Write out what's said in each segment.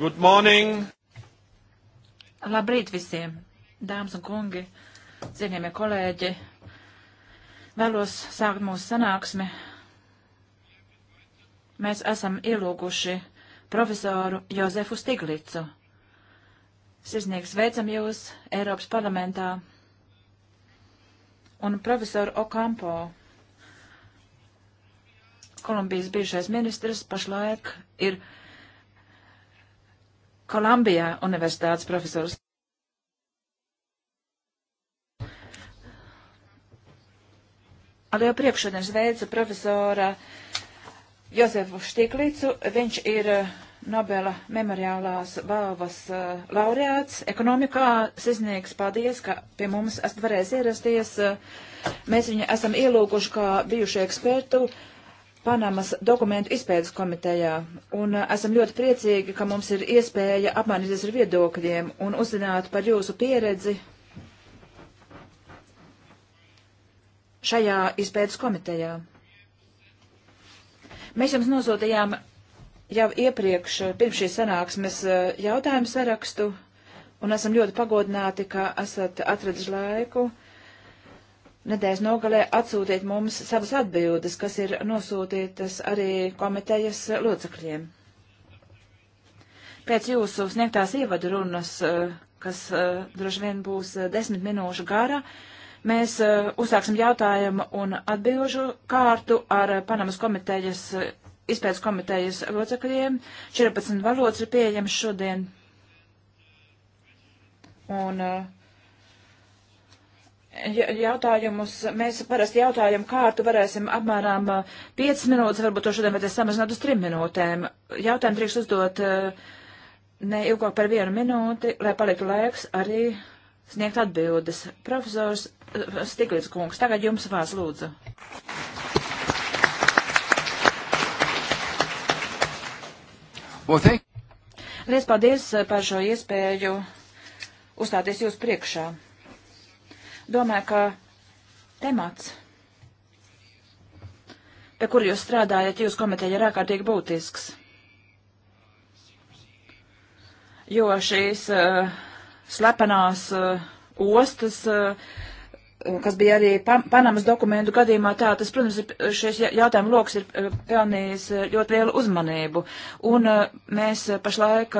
Good morning! Labrīt visiem, dāmas un kungi, cienījamie kolēģi. Vēlos sākt mūsu sanāksmi. Mēs esam ielūguši profesoru Jozefu Stiglicu. Sirsnīgi sveicam jūs Eiropas parlamentā un profesoru Okampo. Kolumbijas bijušais ministrs pašlaik ir Kolumbijā universitātes profesors. Arī jau priekšsēdienas veica profesora Josefu Štiklīcu. Viņš ir eh, Nobela memoriālās balvas uh, laureāts. Ekonomikā sasniegs paldies, ka pie mums esat varējis ierasties. Mēs viņu esam ielūguši kā bijuši ekspertu. Uh, Panamas dokumentu izpētes komitejā, un uh, esam ļoti priecīgi, ka mums ir iespēja apmainīties ar viedokļiem un uzzināt par jūsu pieredzi šajā izpētes komitejā. Mēs jums nosūtījām jau iepriekš, uh, pirms šīs sanāksmes, uh, jautājumu sarakstu, un esam ļoti pagodināti, ka esat atradis laiku nedēļas nogalē atsūtiet mums savas atbildes, kas ir nosūtītas arī komitejas locekļiem. Pēc jūsu sniegtās ievadu runas, eh, kas eh, droši vien būs eh, desmit minūšu gara, mēs uzsāksim jautājumu un atbilžu kārtu ar Panamas komitejas, izpētes komitejas locekļiem. 14 valodas ir pieejams šodien. Un uh, jautājumus. Mēs parasti jautājam kārtu varēsim apmēram 5 uh, minūtes, varbūt to šodien vajadzēs samazināt uz 3 minūtēm. Jautājumu drīkst uzdot uh, ne ilgāk par vienu minūti, lai paliktu laiks arī sniegt atbildes. Profesors uh, Stiglits kungs, tagad jums vārds lūdzu. Lies paldies par šo iespēju uzstāties jūs priekšā. Domāju, ka temats, pie kur jūs strādājat, jūs komiteja ir ārkārtīgi būtisks. Jo šīs uh, slepenās uh, ostas uh, kas bija arī Panamas dokumentu gadījumā tā, tas, protams, ir, šis jautājuma lokus ir eh, pelnījis eh, ļoti lielu uzmanību. Un eh, mēs pašlaik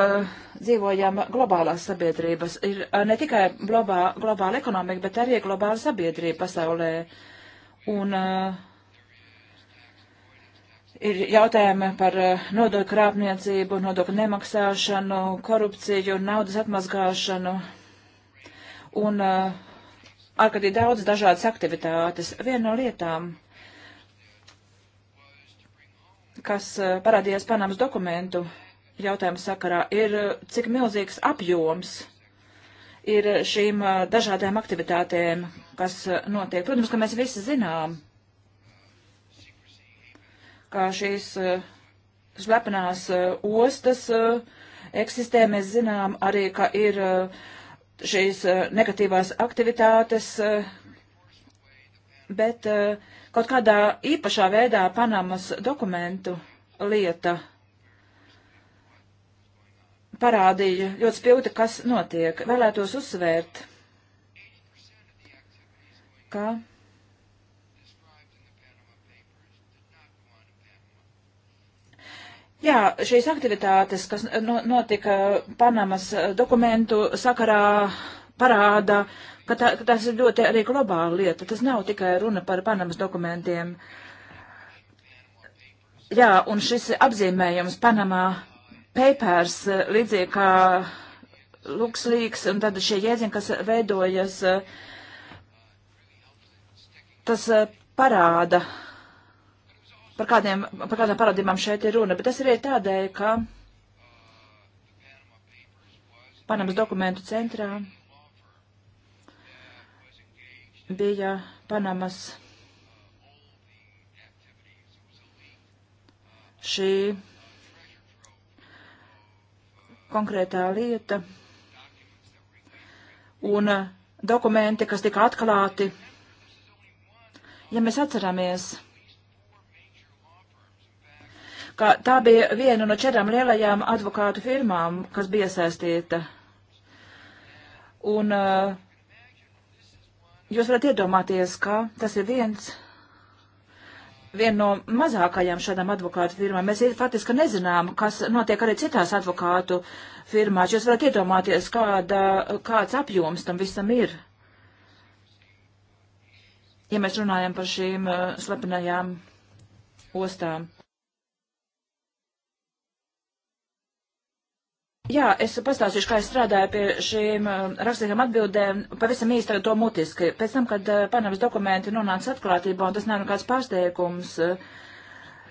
dzīvojam globālās sabiedrības. Ir ne tikai globā, globāla ekonomika, bet arī globāla sabiedrība pasaulē. Un ir jautājumi par nodokļu krāpniecību, nodokļu nemaksāšanu, korupciju, naudas atmazgāšanu. Un uh, ārkārtīgi daudz dažādas aktivitātes. Viena no lietām, kas eh, parādījās Panamas dokumentu jautājumu sakarā, ir eh, cik milzīgs apjoms ir šīm eh, dažādām aktivitātēm, kas notiek. Protams, ka mēs visi zinām, kā šīs slepenās ostas eksistē. Mēs zinām arī, ka ir uh, šīs eh, negatīvās aktivitātes, eh, bet eh, kaut kādā īpašā veidā Panamas dokumentu lieta parādīja ļoti spilgti, kas notiek. Vēlētos uzsvērt, ka Jā, šīs aktivitātes, kas notika Panamas eh, dokumentu sakarā, parāda, ka, tā, ka tas ir ļoti arī globāla lieta. Tas nav tikai runa par Panamas dokumentiem. Jā, un šis apzīmējums Panamā papers, eh, līdzīgi kā Luxlīks, un tad šie jēdzieni, kas veidojas, eh, tas parāda, par, kādiem, par kādām parādībām šeit ir runa, bet tas ir arī tādēļ, ka Panamas dokumentu centrā bija Panamas šī konkrētā lieta un dokumenti, kas tika atklāti. Ja mēs atceramies, ka tā bija viena no četrām lielajām advokātu firmām, kas bija iesaistīta. Un uh, jūs varat iedomāties, ka tas ir viens viena no mazākajām šādām advokātu firmām. Mēs faktiski nezinām, kas notiek arī citās advokātu firmās. Jūs varat iedomāties, kāda, kāds apjoms tam visam ir. Ja mēs runājam par šīm uh, slepenajām ostām. Jā, es pastāstīšu, kā es strādāju pie šīm um, rakstītām atbildēm, pavisam īsti to mutiski. Pēc tam, kad uh, Panamas dokumenti nonāca atklātībā, un tas nav nekāds pārsteigums, uh,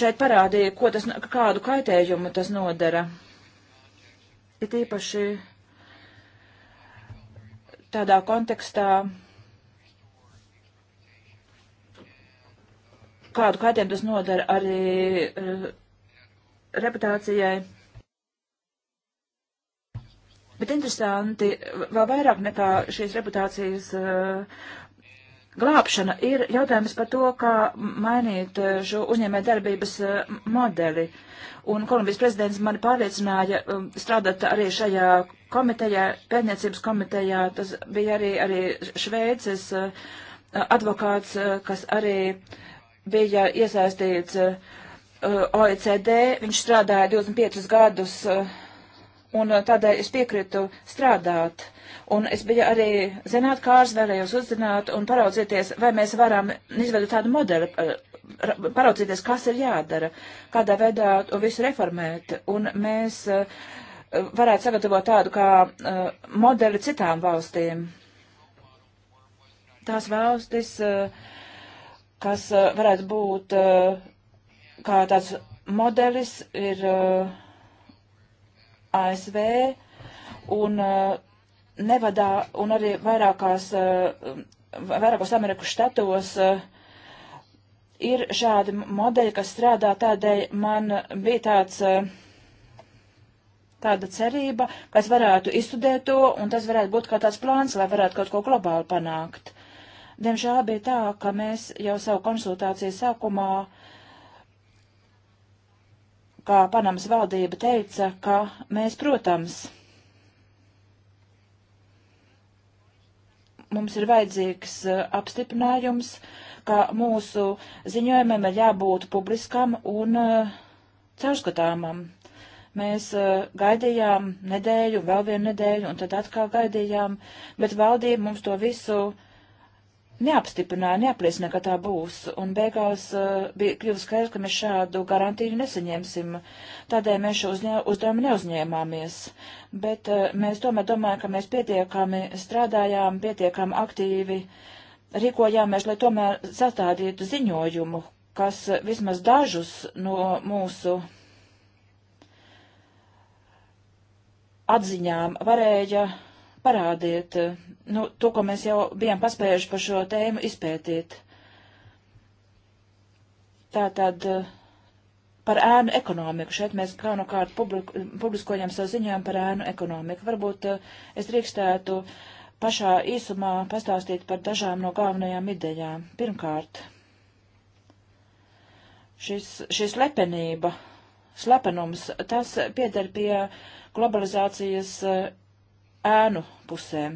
šeit parādīja, ko tas, kādu kaitējumu tas nodara. Ir īpaši tādā kontekstā, kādu kaitējumu tas nodara arī uh, reputācijai Bet interesanti, vēl vairāk nekā šīs reputācijas uh, glābšana ir jautājums par to, kā mainīt eh, šo uzņēmē darbības eh, modeli. Un Kolumbijas prezidents mani pārliecināja um, strādāt arī šajā komitejā, pētniecības komitejā. Tas bija arī, arī Šveices advokāts, kas arī bija iesaistīts OECD. Viņš strādāja 25 gadus. Uh, un uh, tādēļ es piekrītu strādāt. Un es biju arī zinātkārs, vēlējos uzzināt un paraudzīties, vai mēs varam izveidot tādu modeli, uh, paraudzīties, kas ir jādara, kādā veidā to visu reformēt. Un mēs uh, varētu sagatavot tādu kā modeli citām valstīm. Tās valstis, kas varētu būt kā tāds modelis, ir. Uh, ASV un uh, Nevadā un arī vairākās, uh, vairākos Amerikas štatos uh, ir šādi modeļi, kas strādā tādēļ man bija tāds. Uh, tāda cerība, ka es varētu izstudēt to, un tas varētu būt kā tāds plāns, lai varētu kaut ko globāli panākt. Diemžēl bija tā, ka mēs jau savu konsultāciju sākumā uh, kā Panamas valdība teica, ka mēs, protams, mums ir vajadzīgs eh, apstiprinājums, ka mūsu ziņojumam ir jābūt publiskam un eh, caurskatāmam. Mēs eh, gaidījām nedēļu, vēl vienu nedēļu, un tad atkal gaidījām, bet valdība mums to visu uh, neapstiprināja, neapliecināja, ka tā būs, un beigās uh, bija kļuvis skaidrs, ka mēs šādu garantiju nesaņemsim. Tādēļ mēs šo uzdevumu neuzņēmāmies, bet uh, mēs tomēr domājam, ka mēs pietiekami strādājām, pietiekami aktīvi rīkojāmies, lai tomēr sastādītu ziņojumu, kas uh, vismaz dažus no mūsu atziņām varēja parādiet eh, nu, to, ko mēs jau bijām paspējuši par šo tēmu izpētīt. Tātad eh, par ēnu ekonomiku. Šeit mēs kā no kārt publiskojam savu ziņojumu par ēnu ekonomiku. Varbūt eh, es drīkstētu pašā īsumā pastāstīt par dažām no galvenajām idejām. Pirmkārt, šis, šis lepenība slepenums, tas pieder pie globalizācijas ēnu pusēm.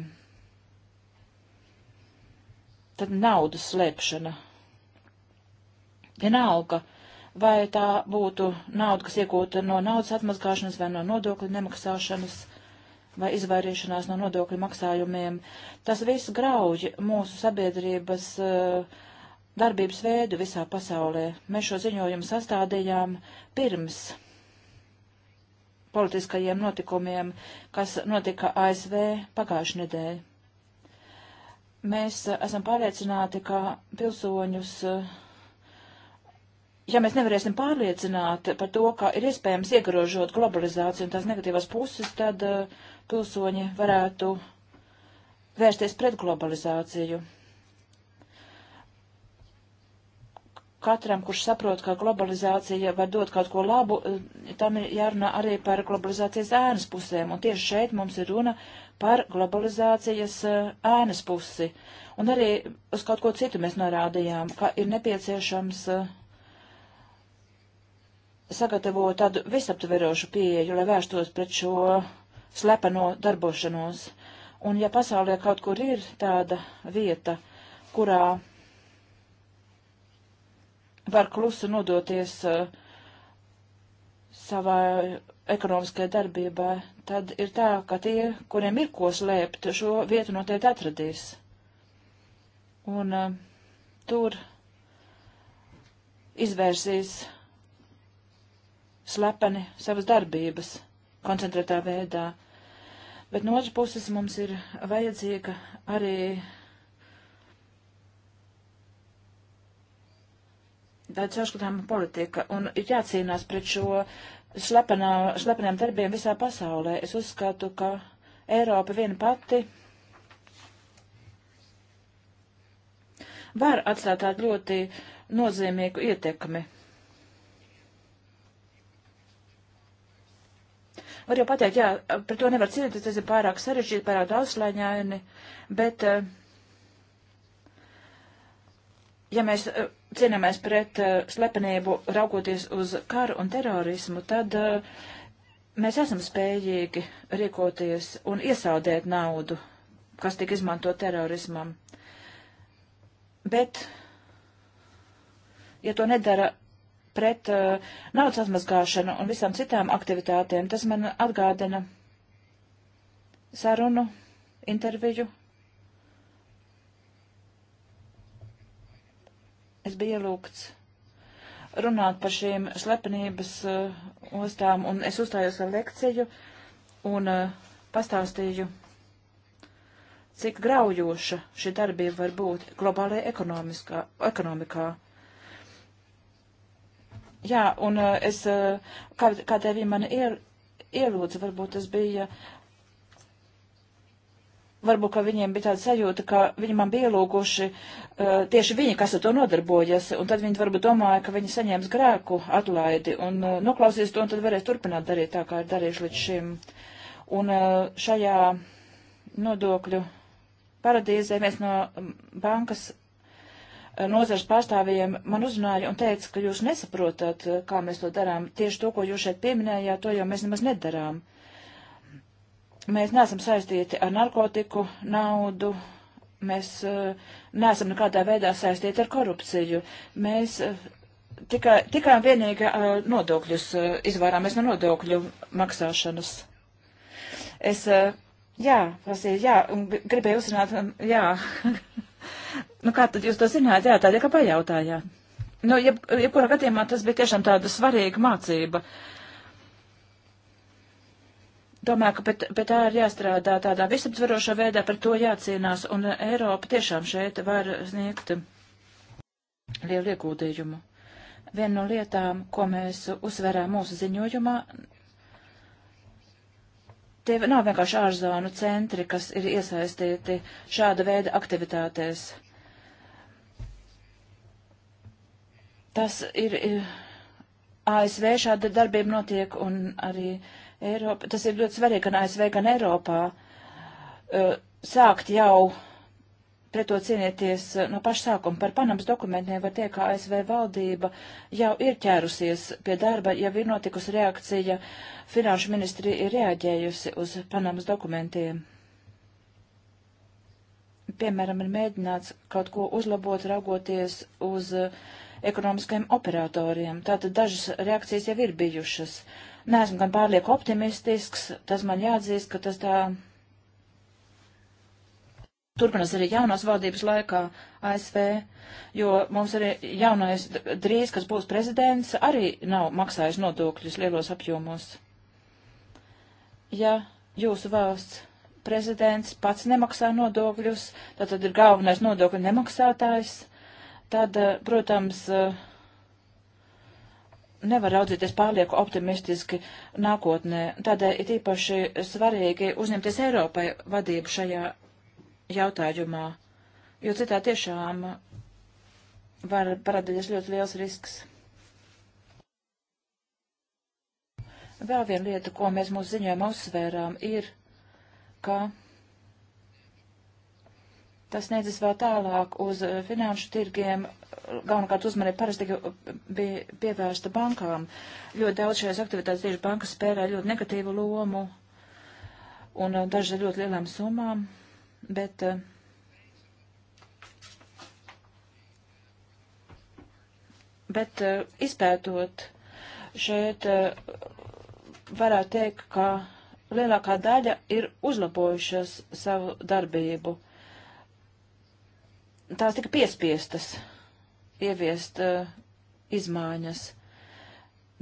Tad naudas slēpšana. Vienalga, vai tā būtu nauda, kas iegūta no naudas atmazgāšanas vai no nodokļu nemaksāšanas vai izvairīšanās no nodokļu maksājumiem. Tas viss grauj mūsu sabiedrības uh, darbības veidu visā pasaulē. Mēs šo ziņojumu sastādījām pirms politiskajiem notikumiem, kas notika ASV pagājušajā nedēļā. Mēs eh, esam pārliecināti, ka pilsoņus, eh, ja mēs nevarēsim pārliecināt par to, ka ir iespējams iegrožot globalizāciju un tās negatīvās puses, tad eh, pilsoņi varētu vērsties pret globalizāciju. katram, kurš saprot, ka globalizācija var dot kaut ko labu, eh, tam ir jārunā arī par globalizācijas ēnas pusēm. Un tieši šeit mums ir runa par globalizācijas eh, ēnas pusi. Un arī uz kaut ko citu mēs norādījām, ka ir nepieciešams eh, sagatavot tādu visaptverošu pieeju, lai vērstos pret šo slepeno darbošanos. Un ja pasaulē kaut kur ir tāda vieta, kurā var klusu nodoties uh, savā ekonomiskajā darbībā, tad ir tā, ka tie, kuriem ir ko slēpt, šo vietu noteikti atradīs. Un uh, tur izvērsīs slepeni savas darbības koncentrētā veidā. Bet no otras puses mums ir vajadzīga arī Daudz saskatāma politika un ir jācīnās pret šo slepenā, slepeniem darbiem visā pasaulē. Es uzskatu, ka Eiropa viena pati var atstāt tādu ļoti nozīmīgu ietekmi. Var jau pateikt, jā, par to nevar cīnīties, tas ir pārāk sarežģīti, pārāk daudzslēņaini, bet uh, ja mēs uh, cīnāmies pret uh, slepenību raugoties uz karu un terorismu, tad uh, mēs esam spējīgi rīkoties un iesaudēt naudu, kas tika izmanto terorismam. Bet, ja to nedara pret uh, naudas atmazgāšanu un visām citām aktivitātēm, tas man atgādina sarunu, interviju es biju ielūgts runāt par šīm slepenības uh, ostām, un es uzstājos ar lekciju un uh, pastāstīju, cik graujoša šī darbība var būt globālajā ekonomikā. Jā, un uh, es, kā, kā tevi mani ielūdza, varbūt tas bija varbūt, ka viņiem bija tāda sajūta, ka viņi man bija ielūguši uh, tieši viņi, kas ar to nodarbojas, un tad viņi varbūt domāja, ka viņi saņēmis grēku atlaidi un uh, eh, noklausīs to, un tad varēs turpināt darīt tā, kā ir darījuši līdz šim. Un uh, šajā nodokļu paradīzē viens no mm, bankas nozares pārstāvjiem man uzrunāja un teica, ka jūs nesaprotat, kā mēs to darām. Tieši to, ko jūs šeit pieminējāt, to jau mēs nemaz nedarām. Uh, Mēs neesam saistīti ar narkotiku, naudu, mēs uh, neesam nekādā veidā saistīti ar korupciju. Mēs uh, tikai, tikai un vienīgi uh, nodokļus izvairāmies no nodokļu maksāšanas. Es, jā, prasīju, jā, un gribēju uzzināt, um, jā. nu, kā tad jūs to zināt? Jā, tādēļ, ka pajautājāt. Nu, jeb, jebkurā gadījumā tas bija tiešām tāda svarīga mācība. Uh, domāju, ka pēc, pēc tā ir jāstrādā tādā visaptverošā veidā, par to jācīnās, un Eiropa tiešām šeit var sniegt lielu iegūdījumu. Viena no lietām, ko mēs uzsverām mūsu ziņojumā, tie nav vienkārši ārzonu centri, kas ir iesaistīti šāda veida aktivitātēs. Tas ir, ir ASV šāda darbība notiek un arī uh, Eiropa, tas ir ļoti svarīgi gan ASV, gan Eiropā, uh, sākt jau pret to cīnīties uh, no paša sākuma par Panamas dokumentiem, var teikt, ka ASV valdība jau ir ķērusies pie darba, jau ir notikusi reakcija, finanšu ministri ir reaģējusi uz Panamas dokumentiem. Piemēram, ir mēģināts kaut ko uzlabot, raugoties uz uh, ekonomiskajiem operatoriem. Tātad dažas reakcijas jau ir bijušas. Uh, Neesmu gan pārlieku optimistisks, tas man jāatzīst, ka tas tā turpinās arī jaunās valdības laikā ASV, jo mums arī jaunais drīz, kas būs prezidents, arī nav maksājis nodokļus lielos apjomos. Ja jūsu valsts prezidents pats nemaksā nodokļus, tad, tad ir galvenais nodokļu nemaksātājs, tad, eh, protams, uh, nevar raudzīties pārlieku optimistiski nākotnē. Tādēļ ir īpaši svarīgi uzņemties Eiropai vadību šajā jautājumā, jo citā tiešām var parādīties ļoti liels risks. Vēl viena lieta, ko mēs mūsu ziņojumā uzsvērām, ir, ka tas nedzis vēl tālāk uz finanšu tirgiem galvenokārt uzmanība parasti bija uh, pievērsta bankām. Ļoti daudz šajās aktivitātēs tieši bankas spēlē ļoti negatīvu lomu un uh, daži ar ļoti lielām summām, bet uh, bet izpētot šeit varētu teikt, ka lielākā daļa ir uzlabojušas savu darbību. Tās tika piespiestas ieviest uh, izmaiņas.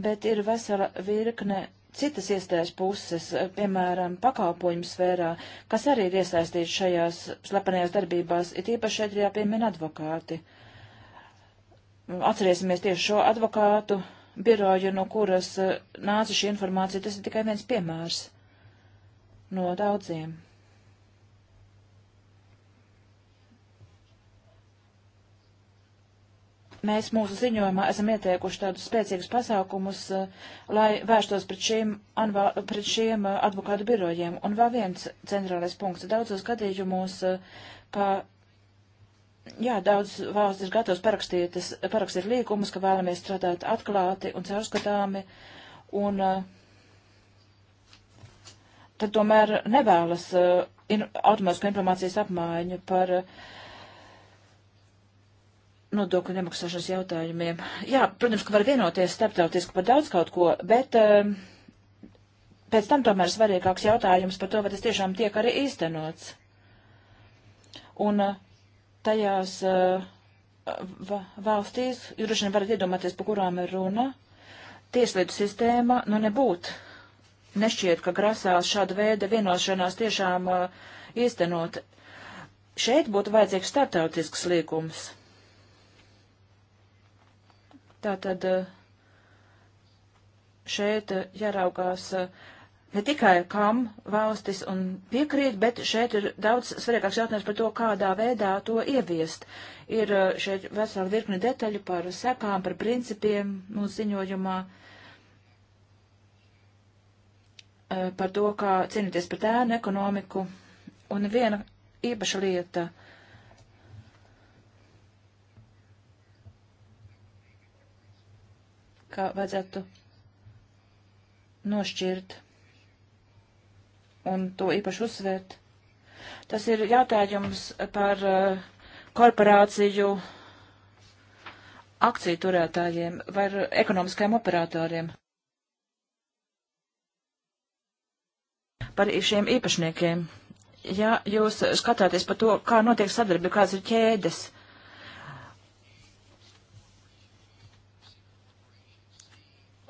Bet ir vesela virkne citas iestājas puses, eh, piemēram, pakalpojumu sfērā, kas arī ir iesaistīts šajās slepenajās darbībās, it īpaši šeit ir jāpiemina advokāti. Atcerēsimies tieši šo advokātu biroju, no kuras eh, nāca šī informācija, tas ir tikai viens piemērs no daudziem. mēs mūsu ziņojumā esam ieteikuši tādus spēcīgus pasākumus, eh, lai vērstos pret šiem, anvā, pret šiem eh, advokātu birojiem. Un vēl viens centrālais punkts. Daudzos gadījumos, eh, ka, jā, daudz valsts ir gatavs parakstīt, parakstīt līgumus, ka vēlamies strādāt atklāti un caurskatāmi. Un tad tomēr nevēlas automātisku informācijas apmaiņu par uh, nodokļu nemaksāšanas jautājumiem. Jā, protams, ka var vienoties starptautiski par daudz kaut ko, bet um, pēc tam tomēr svarīgāks jautājums par to, vai tas tiešām tiek arī īstenots. Un eh, tajās uh, valstīs, jūs droši vien varat iedomāties, par kurām ir runa, tieslietu sistēma, nu nebūt. Nešķiet, ka grasās šāda veida vienošanās tiešām uh, īstenot. Šeit būtu vajadzīgs starptautisks līgums Tātad eh, šeit eh, jāraugās eh, ne tikai kam valstis un piekrīt, bet šeit ir daudz svarīgāks jautājums par to, kādā veidā to ieviest. Ir šeit vesela virkni detaļu par sekām, par principiem mūsu ziņojumā par to, kā cīnīties pret ēnu ekonomiku. Un viena īpaša lieta, uh, ka vajadzētu nošķirt un to īpaši uzsvērt. Tas ir jautājums par eh, korporāciju akciju turētājiem vai ekonomiskajiem operatoriem. Par šiem īpašniekiem. Ja jūs skatāties par to, kā notiek sadarbība, kādas ir ķēdes,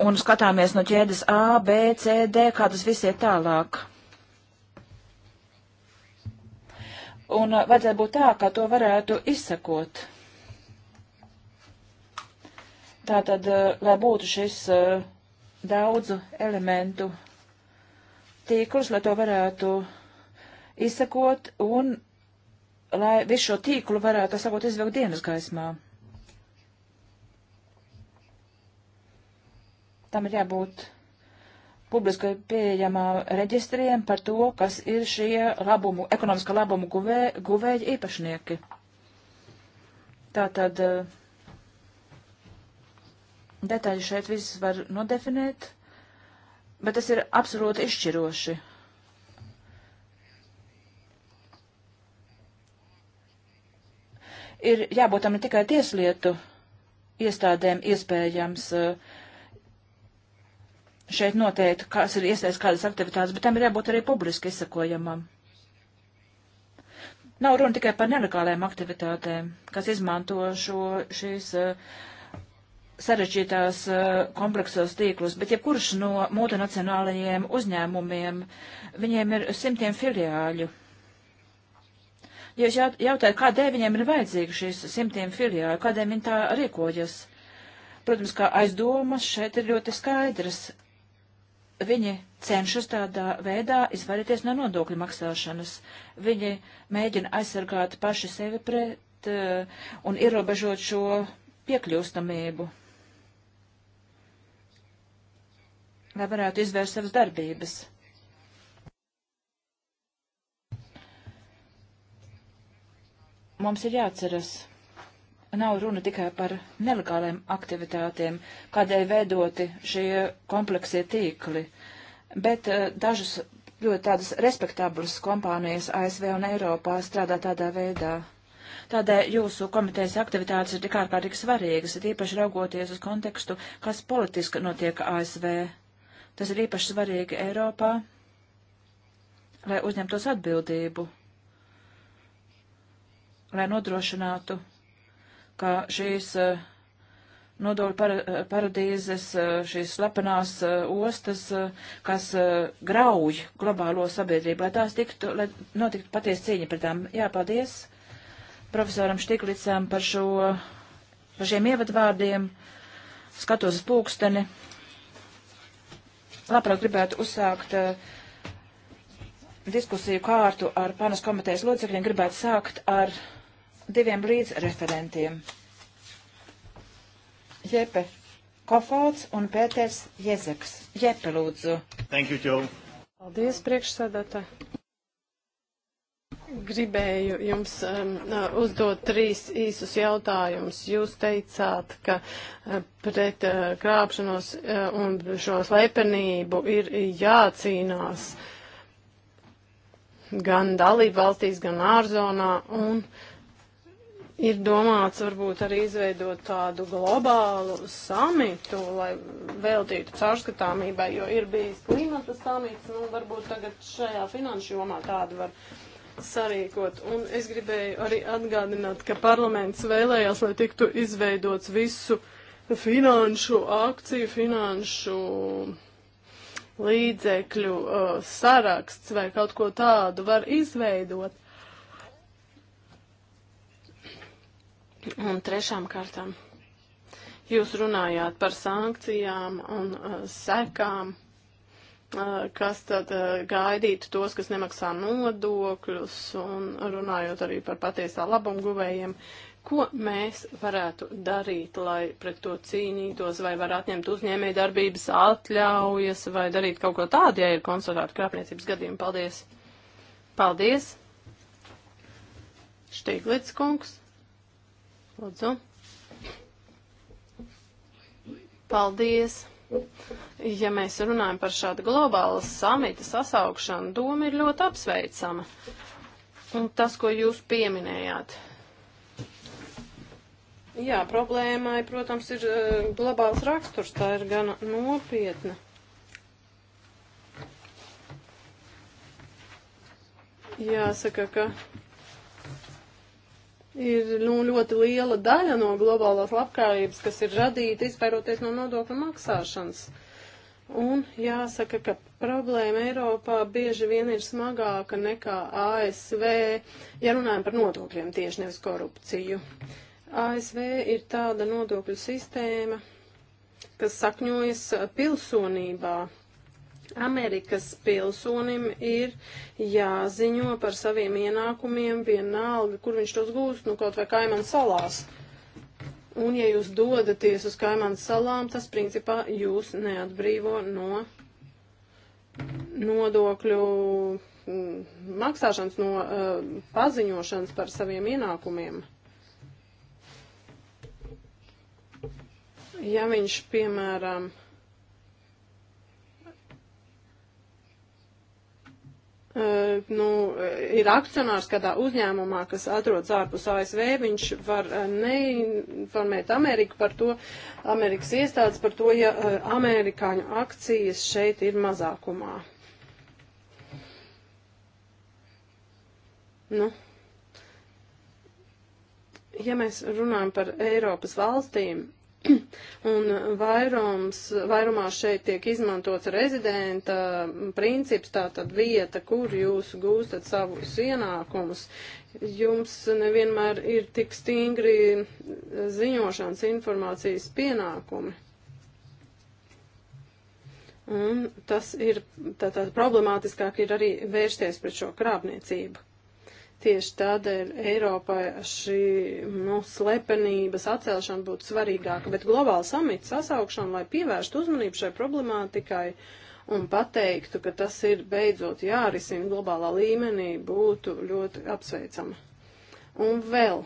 un skatāmies no ķēdes A, B, C, D, kā tas viss iet tālāk. Un uh, vajadzētu būt tā, ka to varētu izsekot. Tātad, uh, lai būtu šis uh, daudzu elementu tīkls, lai to varētu izsekot un lai visu šo tīklu varētu, tā sakot, izvilkt dienas gaismā. tam ir jābūt publiskai pieejamā reģistriem par to, kas ir šie labumu, ekonomiskā labumu guvē, guvēji īpašnieki. Tātad eh, detaļas šeit visas var nodefinēt, bet tas ir absolūti izšķiroši. Ir jābūt tam ne tikai tieslietu iestādēm iespējams uh, šeit noteikti, kas ir iesaistīts kādas aktivitātes, bet tam ir jābūt arī publiski izsakojamam. Nav runa tikai par nelegālēm aktivitātēm, kas izmanto šo, šīs uh, sarežģītās uh, kompleksos tīklus, bet jebkurš no multinacionālajiem uzņēmumiem, viņiem ir simtiem filiāļu. Ja jūs jautājat, kādēļ viņiem ir vajadzīgi šīs simtiem filiāļu, kādēļ viņi tā rīkojas? Protams, kā aizdomas šeit ir ļoti skaidrs. Viņi cenšas tādā veidā izvairīties no nodokļu maksāšanas. Viņi mēģina aizsargāt paši sevi pret uh, un ierobežot šo piekļūstamību, lai varētu izvērst savas darbības. Mums ir jāatceras nav runa tikai par nelegāliem aktivitātiem, kādēļ veidoti šie kompleksie tīkli, bet uh, dažas ļoti tādas respektablas kompānijas ASV un Eiropā strādā tādā veidā. Tādēļ jūsu komitejas aktivitātes ir tik ārkārtīgi svarīgas, ir īpaši raugoties uz kontekstu, kas politiski notiek ASV. Tas ir īpaši svarīgi Eiropā, lai uzņemtos atbildību, lai nodrošinātu ka šīs eh, nodokļu paradīzes, eh, šīs slepenās eh, ostas, kas grauj globālo sabiedrību, lai tās tiktu, lai notiktu patiesa cīņa pret tām. Jā, paldies profesoram Štiklicam par, šo, par šiem ievadvārdiem. Skatos uz pulksteni. Labprāt gribētu uzsākt uh, diskusiju kārtu ar panas komitejas locekļiem. Gribētu sākt ar diviem līdzreferentiem. Jepe Kofolds un Pēters Jezeks. Jepe, lūdzu. Thank you, Joe. Paldies, priekšsēdētāji. Gribēju jums um, uh, uzdot trīs īsus jautājumus. Jūs teicāt, ka uh, pret uh, krāpšanos uh, un šo slepenību ir jācīnās gan dalību valstīs, gan ārzonā. Un, uh, Ir domāts varbūt arī izveidot tādu globālu samitu, lai veltītu caurskatāmībai, jo ir bijis klimata samits, nu varbūt tagad šajā finanšu jomā tādu var sarīkot. Un es gribēju arī atgādināt, ka parlaments vēlējās, lai tiktu izveidots visu finanšu akciju, finanšu līdzekļu uh, saraksts vai kaut ko tādu var izveidot. Un trešām kārtām jūs runājāt par sankcijām un uh, sekām, uh, kas tad uh, gaidītu tos, kas nemaksā nodokļus, un runājot arī par patiesā labumguvējiem, ko mēs varētu darīt, lai pret to cīnītos, vai var atņemt uzņēmēju darbības atļaujas, vai darīt kaut ko tādu, ja ir konstatēta krāpniecības gadījuma. Paldies! Paldies! Štiglits kungs! Lūdzu. Paldies! Ja mēs runājam par šādu globālu samita sasaukšanu, doma ir ļoti apsveicama. Un tas, ko jūs pieminējāt. Jā, problēmai, protams, ir e, globāls raksturs, tā ir gana nopietna. Jāsaka, ka ir nu, ļoti liela daļa no globālās labklājības, kas ir radīta izvairoties no nodokļu maksāšanas. Un jāsaka, ka problēma Eiropā bieži vien ir smagāka nekā ASV, ja runājam par nodokļiem tieši nevis korupciju. ASV ir tāda nodokļu sistēma, kas sakņojas pilsonībā Amerikas pilsonim ir jāziņo par saviem ienākumiem vienalga, kur viņš tos gūst, nu kaut vai Kaimanu salās. Un ja jūs dodaties uz Kaimanu salām, tas principā jūs neatbrīvo no nodokļu mm, maksāšanas, no uh, paziņošanas par saviem ienākumiem. Ja viņš, piemēram, Eh, nu, eh, ir akcionārs kādā uzņēmumā, kas atrodas ārpus ASV, viņš var eh, neinformēt Ameriku par to, Amerikas iestādes par to, ja amerikāņu akcijas šeit ir mazākumā. Nu. Ja mēs runājam par Eiropas valstīm, Un vairums, vairumā šeit tiek izmantots rezidenta princips, tātad vieta, kur jūs gūstat savus ienākumus. Jums nevienmēr ir tik stingri ziņošanas informācijas pienākumi. Un tas ir, tātad problemātiskāk ir arī vērsties pret šo krāpniecību. Tieši tādēļ Eiropai šī nu, slepenības atcelšana būtu svarīgāka, bet globāla samita sasaukšana, lai pievērstu uzmanību šai problemātikai un pateiktu, ka tas ir beidzot jārisina globālā līmenī, būtu ļoti apsveicama. Un vēl,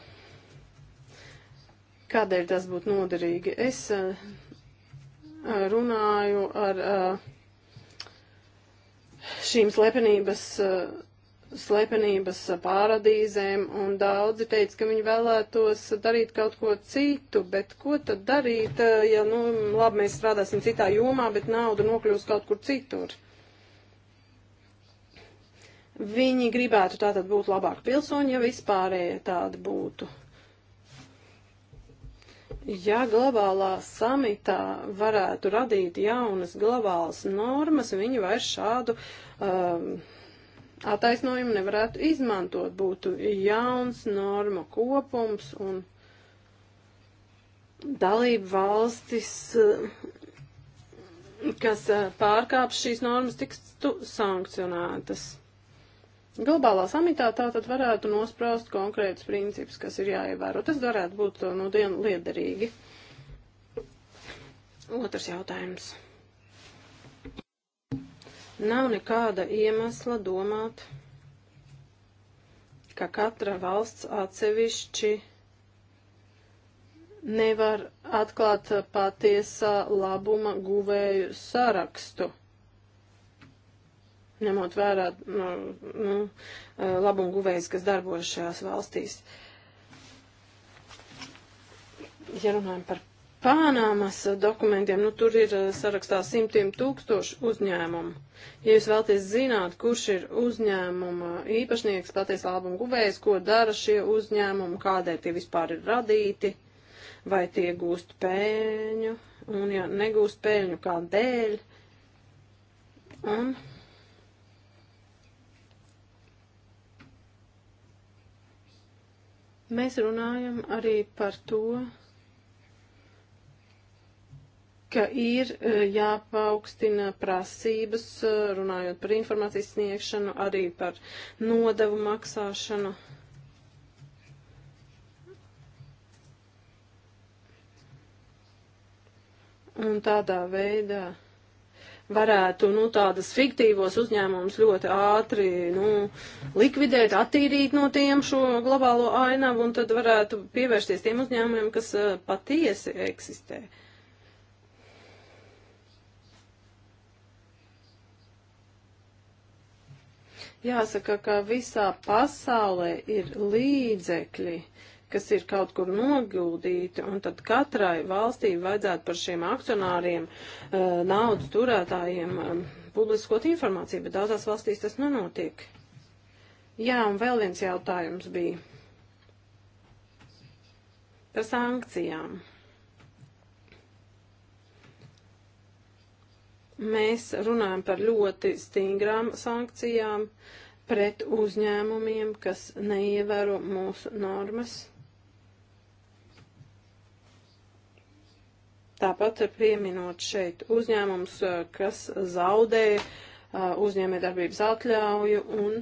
kādēļ tas būtu noderīgi? Es eh, runāju ar eh, šīm slepenības eh, slepenības pāradīzēm, un daudzi teica, ka viņi vēlētos darīt kaut ko citu, bet ko tad darīt, eh, ja, nu, labi, mēs strādāsim citā jomā, bet nauda nokļūs kaut kur citur. Viņi gribētu tātad būt labāk pilsoņi, ja vispārēja tāda būtu. Ja globālā samitā varētu radīt jaunas globālas normas, viņi vairs šādu um, uh, attaisnojumu nevarētu izmantot. Būtu jauns norma kopums un dalību valstis, eh, kas eh, pārkāps šīs normas, tikstu sankcionētas. Globālā samitā tā tad varētu nospraust konkrētus principus, kas ir jāievēro. Tas varētu būt eh, no nu, dienu liederīgi. Otrs jautājums. Nav nekāda iemesla domāt, ka katra valsts atsevišķi nevar atklāt patiesā labuma guvēju sarakstu ņemot vērā nu, nu, labumu guvējs, kas darbojas šajās valstīs. Ja runājam par Pānāmas dokumentiem, nu tur ir eh, sarakstā simtiem tūkstošu uzņēmumu. Ja jūs vēlties zināt, kurš ir uzņēmuma īpašnieks, paties labumu guvējs, ko dara šie uzņēmumi, kādēļ tie vispār ir radīti, vai tie gūst pēļņu, un ja negūst pēļņu, kādēļ. Un mēs runājam arī par to, ka ir e, jāpaukstina prasības, e, runājot par informācijas sniegšanu, arī par nodevu maksāšanu. Un tādā veidā varētu nu, tādas fiktīvos uzņēmumus ļoti ātri nu, likvidēt, attīrīt no tiem šo globālo ainavu, un tad varētu pievērsties tiem uzņēmumiem, kas e, patiesi eksistē. Uh, Jāsaka, ka visā pasaulē ir līdzekļi, kas ir kaut kur noguldīti, un tad katrai valstī vajadzētu par šiem akcionāriem, eh, naudas turētājiem eh, publiskot informāciju, bet daudzās valstīs tas nenotiek. Jā, un vēl viens jautājums bija par sankcijām. Mēs runājam par ļoti stingrām sankcijām pret uzņēmumiem, kas neievēro mūsu normas. Tāpat pieminot šeit uzņēmums, kas zaudē uzņēmē darbības atļauju un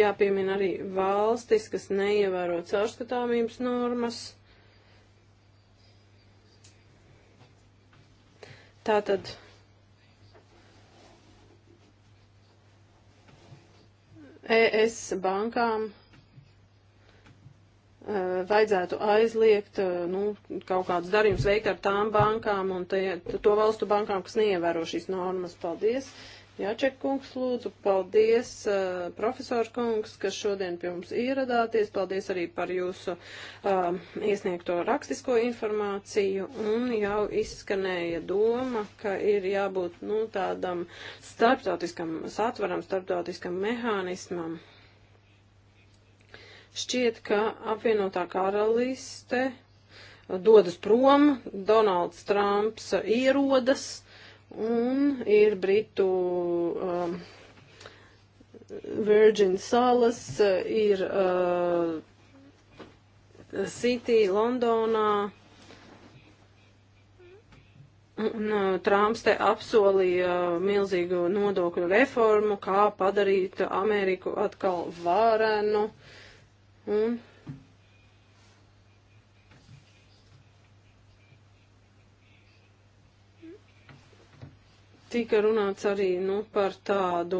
jāpiemina arī valstis, kas neievēro caurskatāmības normas. Tātad ES bankām eh, vajadzētu aizliegt eh, nu, kaut kādus darījumus veikt ar tām bankām un tie, to valstu bankām, kas neievēro šīs normas. Paldies! Jāček kungs, lūdzu, paldies, uh, profesor kungs, kas šodien pie mums ieradāties. Paldies arī par jūsu uh, iesniegto rakstisko informāciju. Un jau izskanēja doma, ka ir jābūt nu, tādam starptautiskam satvaram, starptautiskam mehānismam. Šķiet, ka apvienotā karaliste dodas prom, Donalds Trumps ierodas Un ir Britu um, Virgin salas, ir uh, City Londonā. Un uh, Trumps te apsolīja uh, milzīgu nodokļu reformu, kā padarīt Ameriku atkal varenu. Un tika runāts arī nu, par tādu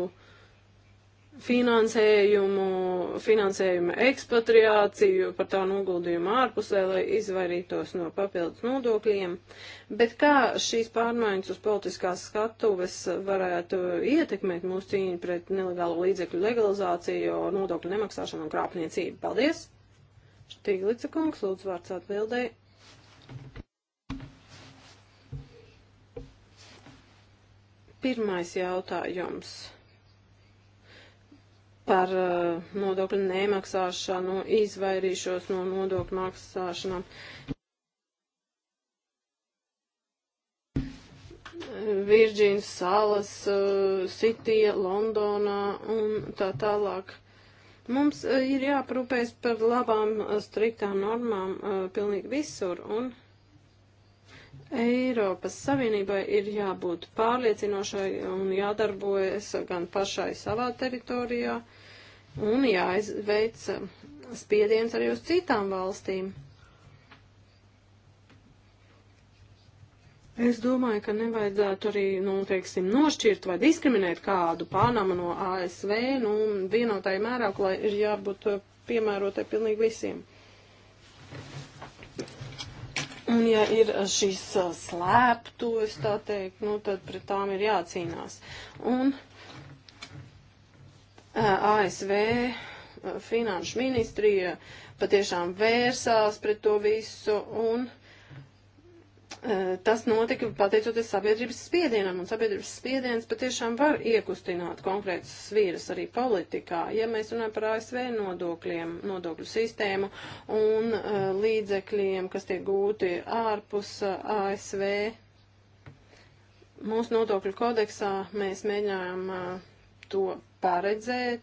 finansējumu, finansējuma ekspatriāciju, par tā noguldījumu ārpusē, lai izvairītos no papildus nodokļiem. Bet kā šīs pārmaiņas uz politiskās skatuves varētu ietekmēt mūsu cīņu pret nelegālo līdzekļu legalizāciju, nodokļu nemaksāšanu un krāpniecību? Paldies! Štīglica kungs, lūdzu vārds atbildēji. Pirmais jautājums par uh, nodokļu nemaksāšanu, izvairīšos no nodokļu maksāšanām. Virģīnas salas, uh, Sitija, Londonā un tā tālāk. Mums uh, ir jāprūpēs par labām, uh, striktām normām uh, pilnīgi visur, un Eiropas Savienībai ir jābūt pārliecinošai un jādarbojas gan pašai savā teritorijā un jāizveic spiediens arī uz citām valstīm. Es domāju, ka nevajadzētu arī, nu, teiksim, nošķirt vai diskriminēt kādu Panamu no ASV, nu, vienotai mērāk, lai ir jābūt piemērotai pilnīgi visiem. Un ja ir eh, šīs eh, slēptuves, tā teikt, nu tad pret tām ir jācīnās. Un eh, ASV finanšu ministrija patiešām vērsās pret to visu un Eh, tas notika pateicoties sabiedrības spiedienam, un sabiedrības spiediens patiešām var iekustināt konkrētas svīras arī politikā, ja mēs runājam par ASV nodokļiem, nodokļu sistēmu un uh, līdzekļiem, kas tiek gūti ārpus uh, eh, ASV. Mūsu nodokļu kodeksā mēs mēģinājām uh, to paredzēt.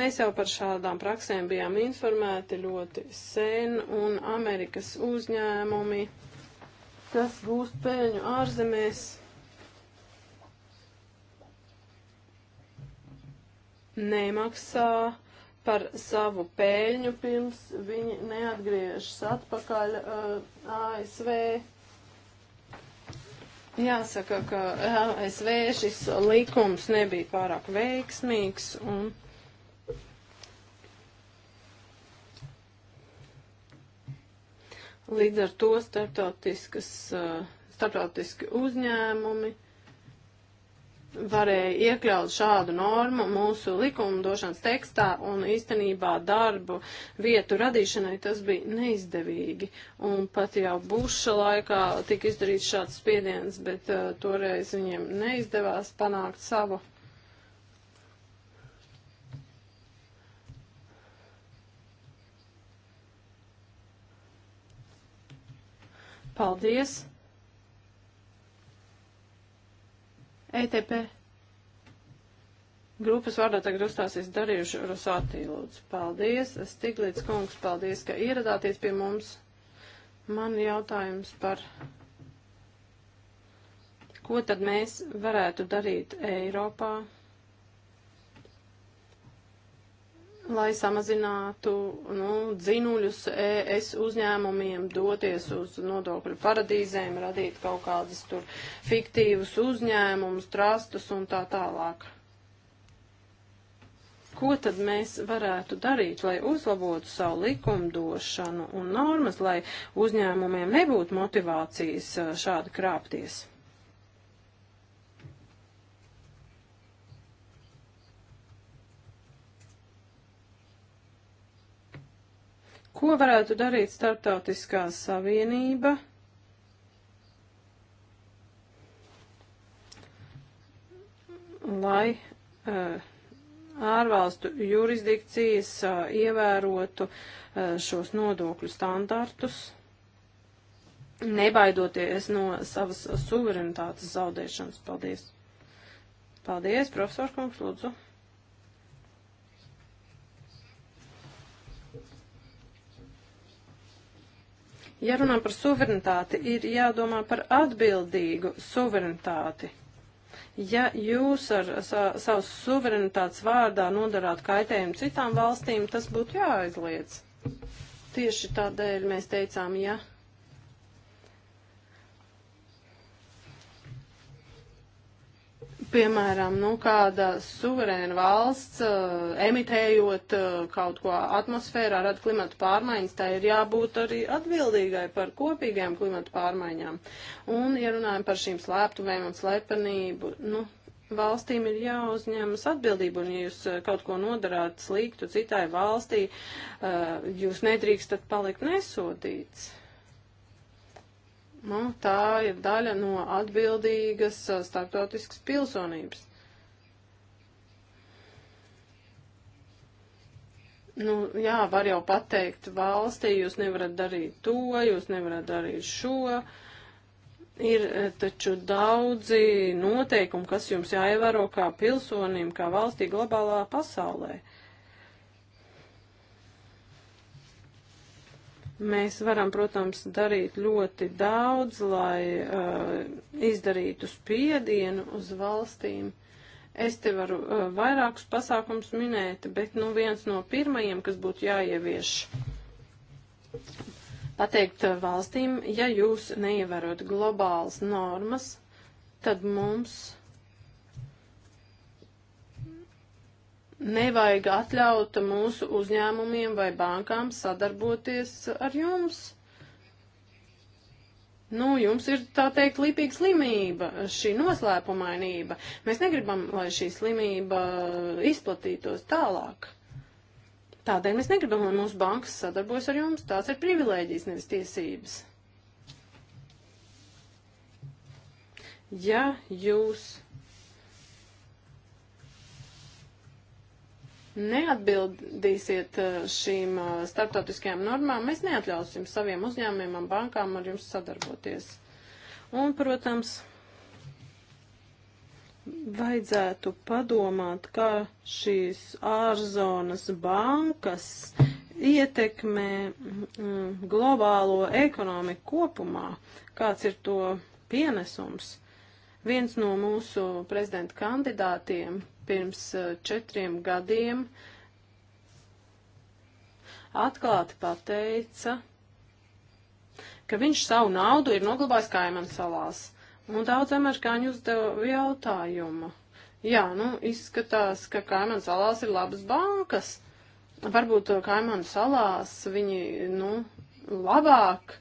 Mēs jau par šādām praksēm bijām informēti ļoti sen, un Amerikas uzņēmumi kas gūst pēļņu ārzemēs, nemaksā par savu pēļņu, pirms viņi neatgriežas atpakaļ uh, ASV. Jāsaka, ka uh, ASV šis likums nebija pārāk veiksmīgs un. Līdz ar to starptautiskas, eh, starptautiski uzņēmumi varēja iekļaut šādu normu mūsu likumdošanas tekstā un īstenībā darbu vietu radīšanai tas bija neizdevīgi. Un pat jau buša laikā tika izdarīts šāds spiediens, bet uh, toreiz viņiem neizdevās panākt savu Paldies! ETP grupas vārdā tagad uzstāsies darījuši Rosātī lūdzu. Paldies, Stiglīts kungs, paldies, ka ieradāties pie mums. Man jautājums par ko tad mēs varētu darīt Eiropā? lai samazinātu nu, dzinuļus ES uzņēmumiem doties uz nodokļu paradīzēm, radīt kaut kādas tur fiktīvus uzņēmumus, trastus un tā tālāk. Ko tad mēs varētu darīt, lai uzlabotu savu likumdošanu un normas, lai uzņēmumiem nebūtu motivācijas šādi krāpties? Ko varētu darīt starptautiskā savienība? lai uh, ārvalstu jurisdikcijas uh, ievērotu uh, šos nodokļu standartus, nebaidoties no savas suverenitātes zaudēšanas. Paldies! Paldies, profesor Kungs, lūdzu! Ja runā par suverenitāti, ir jādomā par atbildīgu suverenitāti. Ja jūs ar sa, savas suverenitātes vārdā nodarāt kaitējumu citām valstīm, tas būtu jāaizliedz. Tieši tādēļ mēs teicām, ja piemēram, nu, kāda suverēna valsts uh, emitējot uh, kaut ko atmosfērā, rada klimatu pārmaiņas, tā ir jābūt arī atbildīgai par kopīgām klimatu pārmaiņām. Un, ja runājam par šīm slēptuvēm un slepenību, nu, valstīm ir jāuzņemas atbildība, un ja jūs eh, kaut ko nodarāt sliktu citai valstī, uh, jūs nedrīkstat palikt nesodīts. Nu, tā ir daļa no atbildīgas uh, starptautiskas pilsonības. Nu, jā, var jau pateikt valstī, jūs nevarat darīt to, jūs nevarat darīt šo. Ir e, taču daudzi noteikumi, kas jums jāievēro kā pilsonim, kā valstī globālā pasaulē. Uh, Mēs varam, protams, darīt ļoti daudz, lai uh, izdarītu spiedienu uz valstīm. Es te varu uh, vairākus pasākums minēt, bet nu viens no pirmajiem, kas būtu jāievieš, pateikt uh, valstīm, ja jūs neievērot globālas normas, tad mums Nevajag atļaut mūsu uzņēmumiem vai bankām sadarboties ar jums. Nu, jums ir tā teikt lipīga slimība, šī noslēpumainība. Mēs negribam, lai šī slimība izplatītos tālāk. Tādēļ mēs negribam, lai mūsu bankas sadarbojas ar jums. Tās ir privilēģijas, nevis tiesības. Ja jūs neatbildīsiet eh, šīm eh, starptautiskajām normām, mēs neatļausim saviem uzņēmumiem un bankām ar jums sadarboties. Un, protams, vajadzētu padomāt, kā šīs ārzonas bankas ietekmē mm, globālo ekonomiku kopumā, kāds ir to pienesums. Viens no mūsu prezidenta kandidātiem pirms četriem gadiem atklāti pateica, ka viņš savu naudu ir noglabājis Kaimanu salās. Un daudz amerikāņu uzdeva jautājumu. Jā, nu, izskatās, ka Kaimanu salās ir labas bankas. Varbūt Kaimanu salās viņi, nu, labāk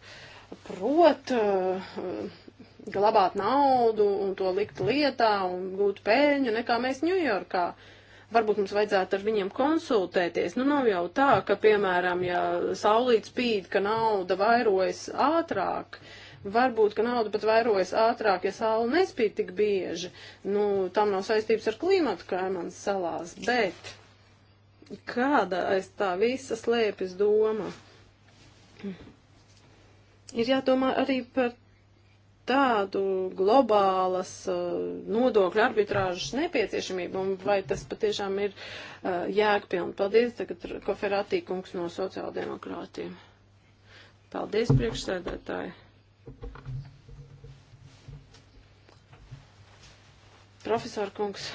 prot. Uh, glabāt naudu un to likt lietā un gūt pēļņu, nekā mēs Ņujorkā. Varbūt mums vajadzētu ar viņiem konsultēties. Nu, nav jau tā, ka, piemēram, ja saulīt spīd, ka nauda vairojas ātrāk, varbūt, ka nauda pat vairojas ātrāk, ja saule nespīd tik bieži. Nu, tam nav saistības ar klimatu kaimans salās, bet kāda aiz tā visa slēpjas doma? Ir jādomā arī par tādu globālas uh, nodokļu arbitrāžas nepieciešamību un vai tas patiešām ir uh, jēgpilni. Paldies, tagad Koferatī kungs no sociāldemokrātiem. Paldies, priekšsēdētāji. Profesor kungs.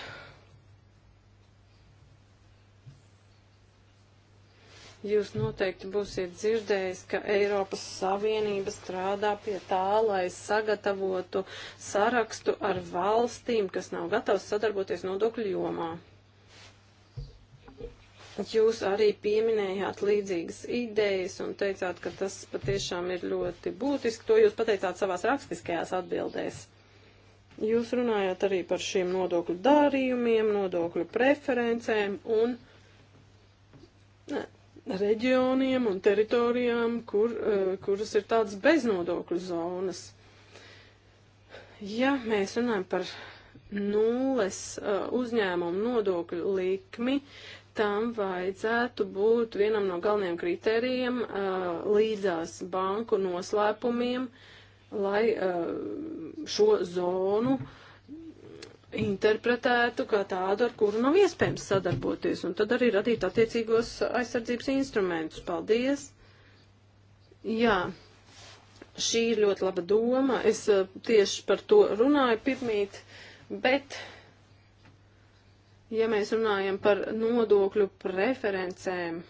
Jūs noteikti būsiet dzirdējis, ka Eiropas Savienība strādā pie tā, lai sagatavotu sarakstu ar valstīm, kas nav gatavs sadarboties nodokļu jomā. Jūs arī pieminējāt līdzīgas idejas un teicāt, ka tas patiešām ir ļoti būtiski. To jūs pateicāt savās rakstiskajās atbildēs. Jūs runājāt arī par šiem nodokļu darījumiem, nodokļu preferencēm un reģioniem un teritorijām, kur, eh, kuras ir tādas beznodokļu zonas. Ja mēs runājam par nulles eh, uzņēmumu nodokļu likmi, tam vajadzētu būt vienam no galvenajiem kritērijiem eh, līdzās banku noslēpumiem, lai šo zonu uh, interpretētu kā tādu, ar kuru nav iespējams sadarboties, un tad arī radīt attiecīgos aizsardzības instrumentus. Paldies! Jā, šī ir ļoti laba doma. Es eh, tieši par to runāju pirmīt, bet, ja mēs runājam par nodokļu preferencēm,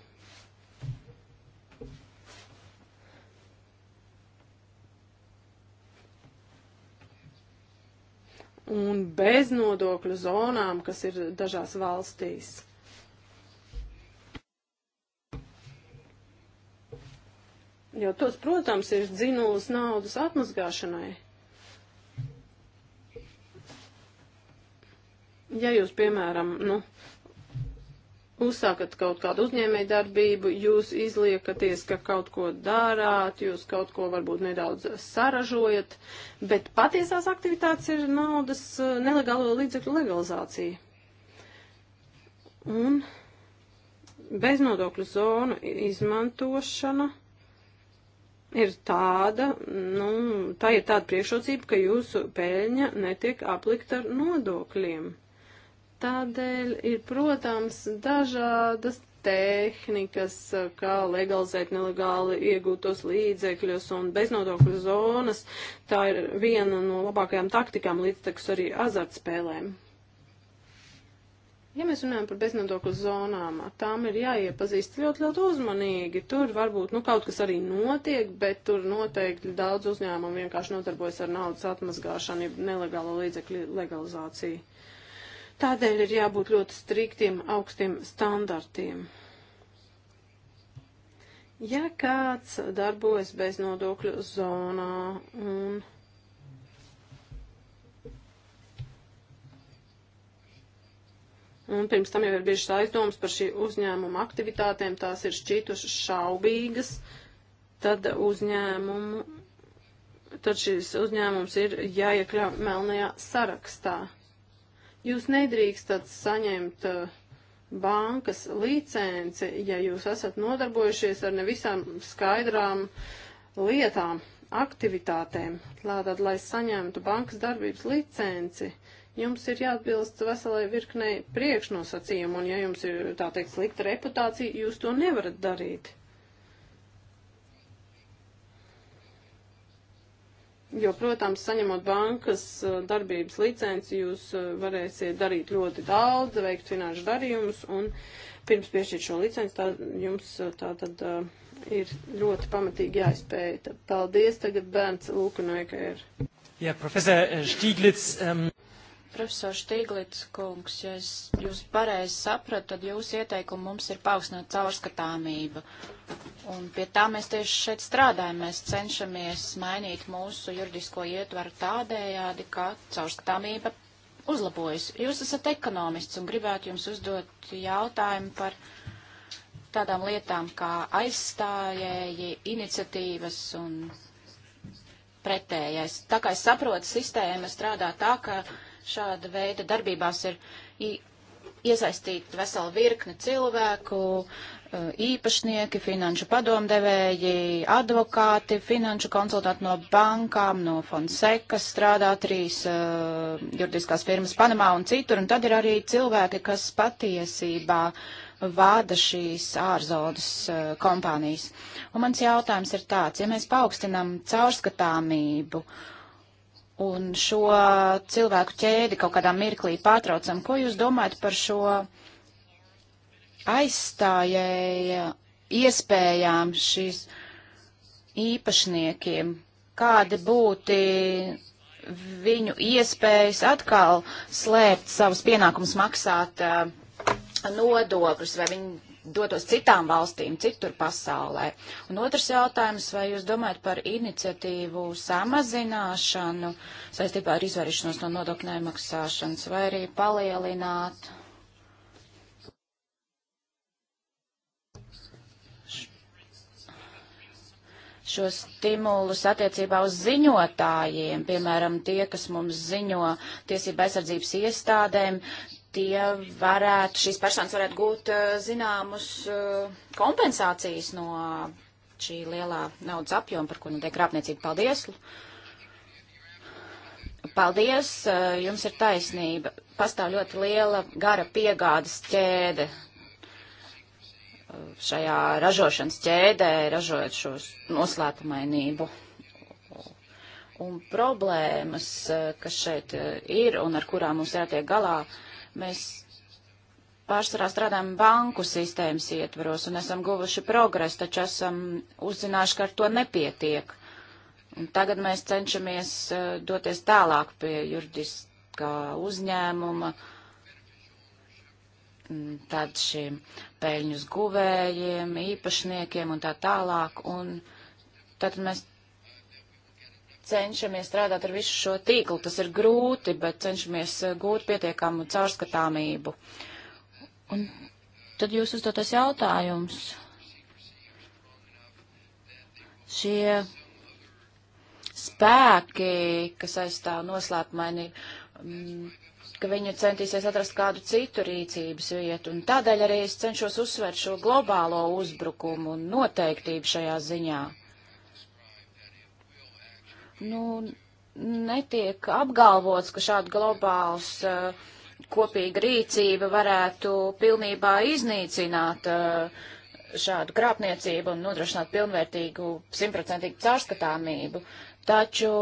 un beznodokļu zonām, kas ir dažās valstīs. Jo tos, protams, ir dzinulas naudas atmazgāšanai. Ja jūs, piemēram, nu, uzsākat kaut kādu uzņēmēju darbību, jūs izliekaties, ka kaut ko dārāt, jūs kaut ko varbūt nedaudz saražojat, bet patiesās aktivitātes ir naudas eh, nelegālo līdzekļu legalizācija. Un beznodokļu zonu izmantošana ir tāda, nu, tā ir tāda priekšrocība, ka jūsu pēļņa netiek aplikta ar nodokļiem. Tādēļ ir, protams, dažādas tehnikas, kā legalizēt nelegāli iegūtos līdzekļus un beznodokļu zonas. Tā ir viena no labākajām taktikām līdztekus arī azartspēlēm. Ja mēs runājam par beznodokļu zonām, tām ir jāiepazīst ļoti, ļoti uzmanīgi. Tur varbūt, nu, kaut kas arī notiek, bet tur noteikti daudz uzņēmumu vienkārši notarbojas ar naudas atmazgāšanu, nelegālo līdzekļu legalizāciju. Tādēļ ir jābūt ļoti striktiem, augstiem standartiem. Ja kāds darbojas bez nodokļu zonā un. Un pirms tam jau ir bijušas aizdomas par šī uzņēmuma aktivitātēm, tās ir šķītušas šaubīgas, tad uzņēmumu, tad šis uzņēmums ir jāiekļauj melnajā sarakstā. Jūs nedrīkstat saņemt uh, bankas licenci, ja jūs esat nodarbojušies ar nevisām skaidrām lietām, aktivitātēm. Tātad, lai saņemtu bankas darbības licenci, jums ir jāatbilst veselai virknei priekšnosacījumu, un ja jums ir, tā teikt, slikta reputācija, jūs to nevarat darīt. Jo, protams, saņemot bankas eh, darbības licenci, jūs eh, varēsiet darīt ļoti daudz, veikt finanšu darījumus, un pirms piešķirt šo licenci, tā jums eh, tā tad ir ļoti pamatīgi jāizpēta. Paldies, tagad bērns Lūkunai, ka ir. E Jā, profesor Štīglits. Um... Ehm, Profesor Štīglits kungs, ja es jūs pareizi sapratu, tad jūsu ieteikumu mums ir paaugstināt caurskatāmību. Un pie tā mēs tieši šeit strādājam. Mēs cenšamies mainīt mūsu juridisko ietvaru tādējādi, ka caurskatāmība uzlabojas. Jūs esat ekonomists un gribētu jums uzdot jautājumu par tādām lietām kā aizstājēji, iniciatīvas un pretējais. Tā kā es saprotu, sistēma strādā tā, ka šāda veida darbībās ir iesaistīti vesela virkne cilvēku, e, īpašnieki, finanšu padomdevēji, advokāti, finanšu konsultanti no bankām, no Fonsekas strādā trīs uh, juridiskās firmas Panamā un citur, un tad ir arī cilvēki, kas patiesībā vada šīs ārzonas uh, e, kompānijas. Un mans jautājums ir tāds, ja mēs paaugstinam caurskatāmību, uh, un šo cilvēku ķēdi kaut kādā mirklī pārtraucam. Ko jūs domājat par šo aizstājēja iespējām šīs īpašniekiem? Kādi būtu viņu iespējas atkal slēpt savus pienākumus maksāt uh, nodokļus, vai viņi dotos citām valstīm, citur pasaulē? Un otrs jautājums, vai jūs domājat par iniciatīvu samazināšanu saistībā ar izvairīšanos no nodokļu nemaksāšanas, vai arī palielināt šo stimulus attiecībā uz ziņotājiem, piemēram, tie, kas mums ziņo tiesība aizsardzības iestādēm, tie varētu, šīs personas varētu gūt eh, zināmus eh, kompensācijas no eh, šī lielā naudas apjoma, par ko notiek krāpniecība. Paldies! Paldies, jums ir taisnība. Pastāv ļoti liela gara piegādes ķēde šajā ražošanas ķēdē, ražojot šo noslēpumainību un problēmas, kas šeit ir un ar kurām mums jātiek galā, uh, Mēs pārsvarā strādājam banku sistēmas ietvaros un esam guvuši progresu, taču esam uzzinājuši, ka ar to nepietiek. Un tagad mēs cenšamies eh, doties tālāk pie juridiskā uzņēmuma, tad šiem peļņus guvējiem, īpašniekiem un tā tālāk. Un tad mēs cenšamies strādāt ar visu šo tīklu. Tas ir grūti, bet cenšamies eh, gūt pietiekamu caurskatāmību. Un tad jūs uzdotas jautājums. Šie spēki, kas aizstāv noslēpmainību, mm, ka viņi centīsies atrast kādu citu rīcības vietu, un tādēļ arī es cenšos uzsvērt šo globālo uzbrukumu un noteiktību šajā ziņā nu, netiek apgalvots, ka šāda globāls uh, kopīga rīcība varētu pilnībā iznīcināt uh, šādu krāpniecību un nodrošināt pilnvērtīgu, simtprocentīgu caurskatāmību. Taču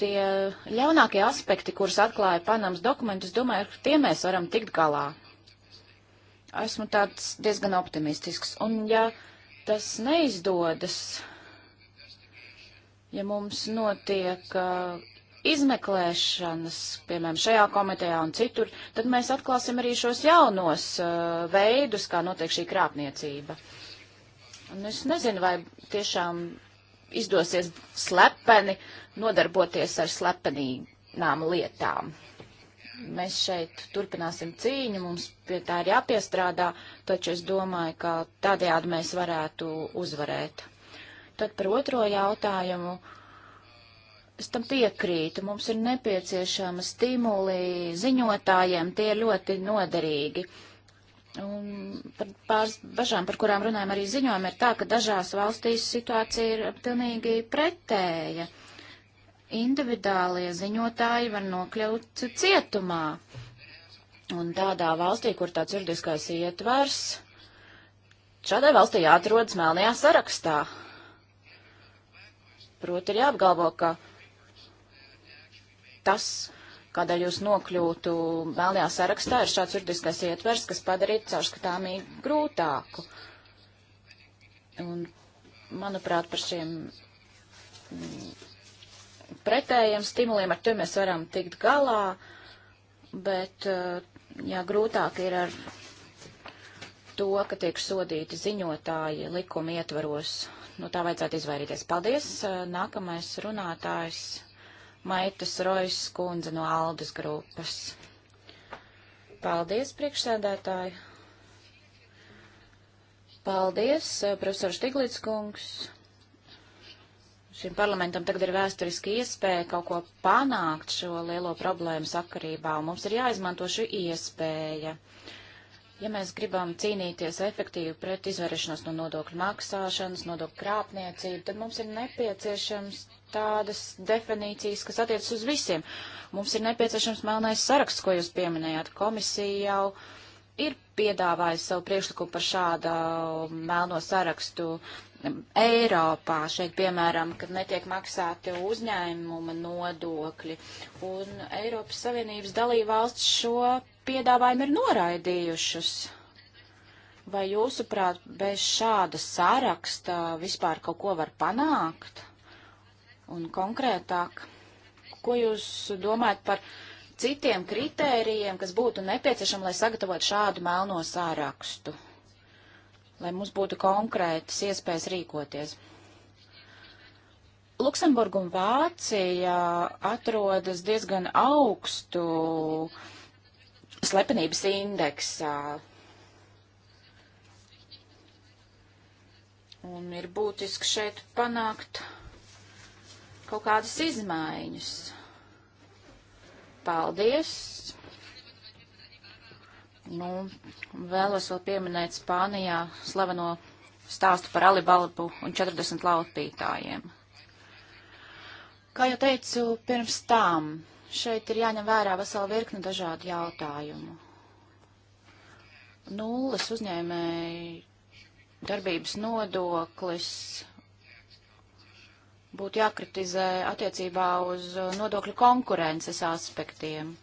tie ļaunākie aspekti, kurus atklāja Panamas dokumentus, domāju, ar tiem mēs varam tikt galā. Esmu tāds diezgan optimistisks. Un ja tas neizdodas, ja mums notiek uh, izmeklēšanas, piemēram, šajā komitejā un citur, tad mēs atklāsim arī šos jaunos uh, veidus, kā notiek šī krāpniecība. Un es nezinu, vai tiešām izdosies slepeni nodarboties ar slepenīgām lietām. Mēs šeit turpināsim cīņu, mums pie tā ir jāpiestrādā, taču es domāju, ka tādējādi mēs varētu uzvarēt. Tad par otro jautājumu. Es tam piekrītu. Mums ir nepieciešama stimuli ziņotājiem. Tie ir ļoti noderīgi. Un par pāris bažām, par kurām runājam arī ziņojumi, ir tā, ka dažās valstīs situācija ir pilnīgi pretēja. Individuālie ziņotāji var nokļūt cietumā. Un tādā valstī, kur tāds juridiskais ietvers, šādai valstī jāatrodas melnajā sarakstā. Proti ir jāapgalvo, ka tas, kādēļ jūs nokļūtu melnajā sarakstā, ir šāds juridiskais ietvers, kas padarītu caurskatāmību grūtāku. Un, manuprāt, par šiem mm, pretējiem stimuliem ar to mēs varam tikt galā, bet, eh, jā, grūtāk ir ar to, ka tiek sodīti ziņotāji likuma ietvaros no tā vajadzētu izvairīties. Paldies! Eh, nākamais runātājs Maitas Rojas kundze no Aldas grupas. Paldies, priekšsēdētāji! Paldies, eh, profesor Stiglits kungs! Šim parlamentam tagad ir vēsturiski iespēja kaut ko panākt šo lielo problēmu sakarībā, un mums ir jāizmanto šī iespēja. Uh, Ja mēs gribam cīnīties efektīvi pret izvairīšanos no nodokļu maksāšanas, nodokļu krāpniecību, tad mums ir nepieciešams tādas definīcijas, kas attiecas uz visiem. Mums ir nepieciešams melnais saraksts, ko jūs pieminējāt. Komisija jau ir piedāvājusi savu priekšlikumu par šādu uh, melno sarakstu Eiropā. Šeit, piemēram, kad netiek maksāti uzņēmuma nodokļi, un Eiropas Savienības dalībvalsts šo piedāvājumu ir noraidījušas. Vai jūsuprāt, bez šāda saraksta vispār kaut ko var panākt? Un konkrētāk, ko jūs domājat par citiem kritērijiem, kas būtu nepieciešami, lai sagatavotu šādu melno sārakstu? lai mums būtu konkrētas iespējas rīkoties. Luksemburga un Vācija atrodas diezgan augstu slepenības indeksā. Un ir būtiski šeit panākt kaut kādas izmaiņas. Paldies! Nu, vēlos vēl pieminēt Spānijā slaveno stāstu par Alibalbu un 40 laupītājiem. Kā jau teicu, pirms tām šeit ir jāņem vērā vesela virkne dažādu jautājumu. Nulles uzņēmēji darbības nodoklis būtu jākritizē attiecībā uz nodokļu konkurences aspektiem.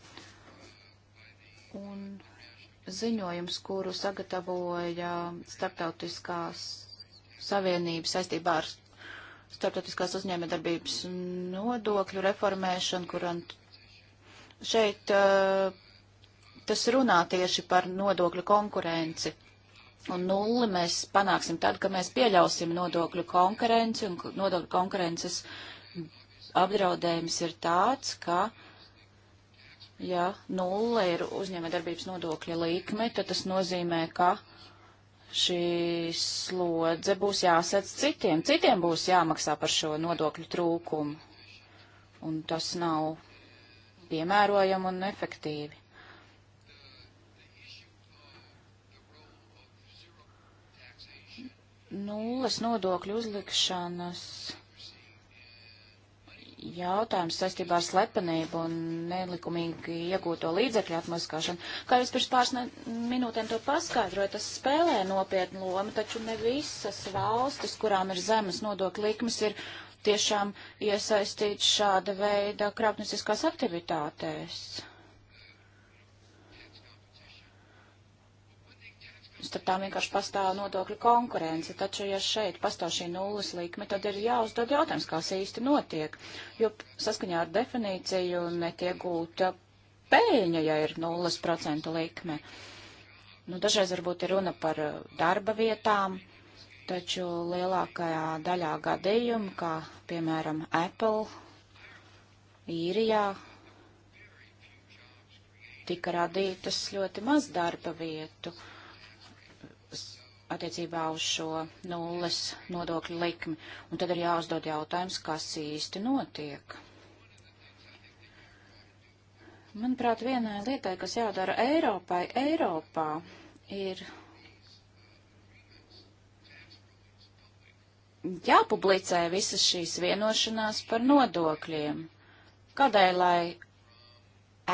Un ziņojums, kuru sagatavoja Startautiskās Savienības saistībā ar Startautiskās uzņēmējdarbības nodokļu reformēšanu, kur šeit eh, tas runā tieši par nodokļu konkurenci. Un nulli mēs panāksim tad, ka mēs pieļausim nodokļu konkurenci, un nodokļu konkurences apdraudējums ir tāds, ka uh, ja nulle ir uzņēmējdarbības nodokļa līkme, tad tas nozīmē, ka šī slodze būs jāsadz citiem. Citiem būs jāmaksā par šo nodokļu trūkumu. Un tas nav piemērojami un efektīvi. Nulles nodokļu uzlikšanas jautājums saistībā ar slepenību un nelikumīgi iegūto līdzekļu atmaskāšanu. Kā jūs pirms pāris minūtēm to paskaidrojat, tas spēlē nopietnu lomu, taču ne visas valstis, kurām ir zemes nodokļu likmes, ir tiešām iesaistīts šāda veida krāpnieciskās aktivitātēs. starp tām vienkārši pastāv nodokļu konkurence. Taču, ja šeit pastāv šī nulles likme, tad ir jāuzdod jautājums, kas īsti notiek. Jo saskaņā ar definīciju netiek gūta pēļņa, ja ir nulles procentu likme. Nu, dažreiz varbūt ir runa par eh, darba vietām, taču lielākajā daļā gadījumu, kā piemēram Apple, īrijā, tika radītas ļoti maz darba vietu. Uh, attiecībā uz šo nulles nodokļu likmi. Un tad ir jāuzdod jautājums, kas īsti notiek. Manuprāt, vienai lietai, kas jādara Eiropai, Eiropā ir jāpublicē visas šīs vienošanās par nodokļiem. Kādēļ, lai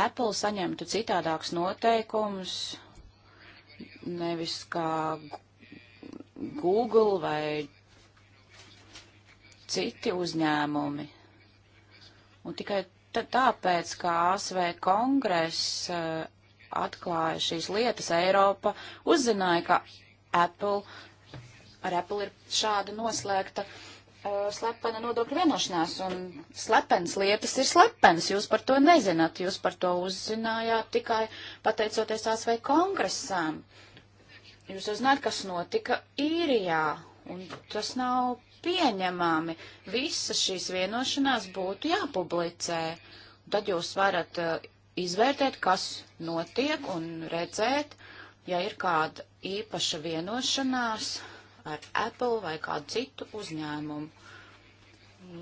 Apple saņemtu citādākus noteikumus, nevis kā Google vai citi uzņēmumi. Un tikai tāpēc, ka ASV kongress uh, atklāja šīs lietas, Eiropa uzzināja, ka Apple, ar Apple ir šāda noslēgta uh, slepena nodokļu vienošanās, un slepens lietas ir slepens, jūs par to nezināt, jūs par to uzzinājāt tikai pateicoties ASV kongresām. Uh, jūs jau zināt, kas notika īrijā, un tas nav pieņemami. Visas šīs vienošanās būtu jāpublicē. Un tad jūs varat uh, izvērtēt, kas notiek, un redzēt, ja ir kāda īpaša vienošanās ar Apple vai kādu citu uzņēmumu.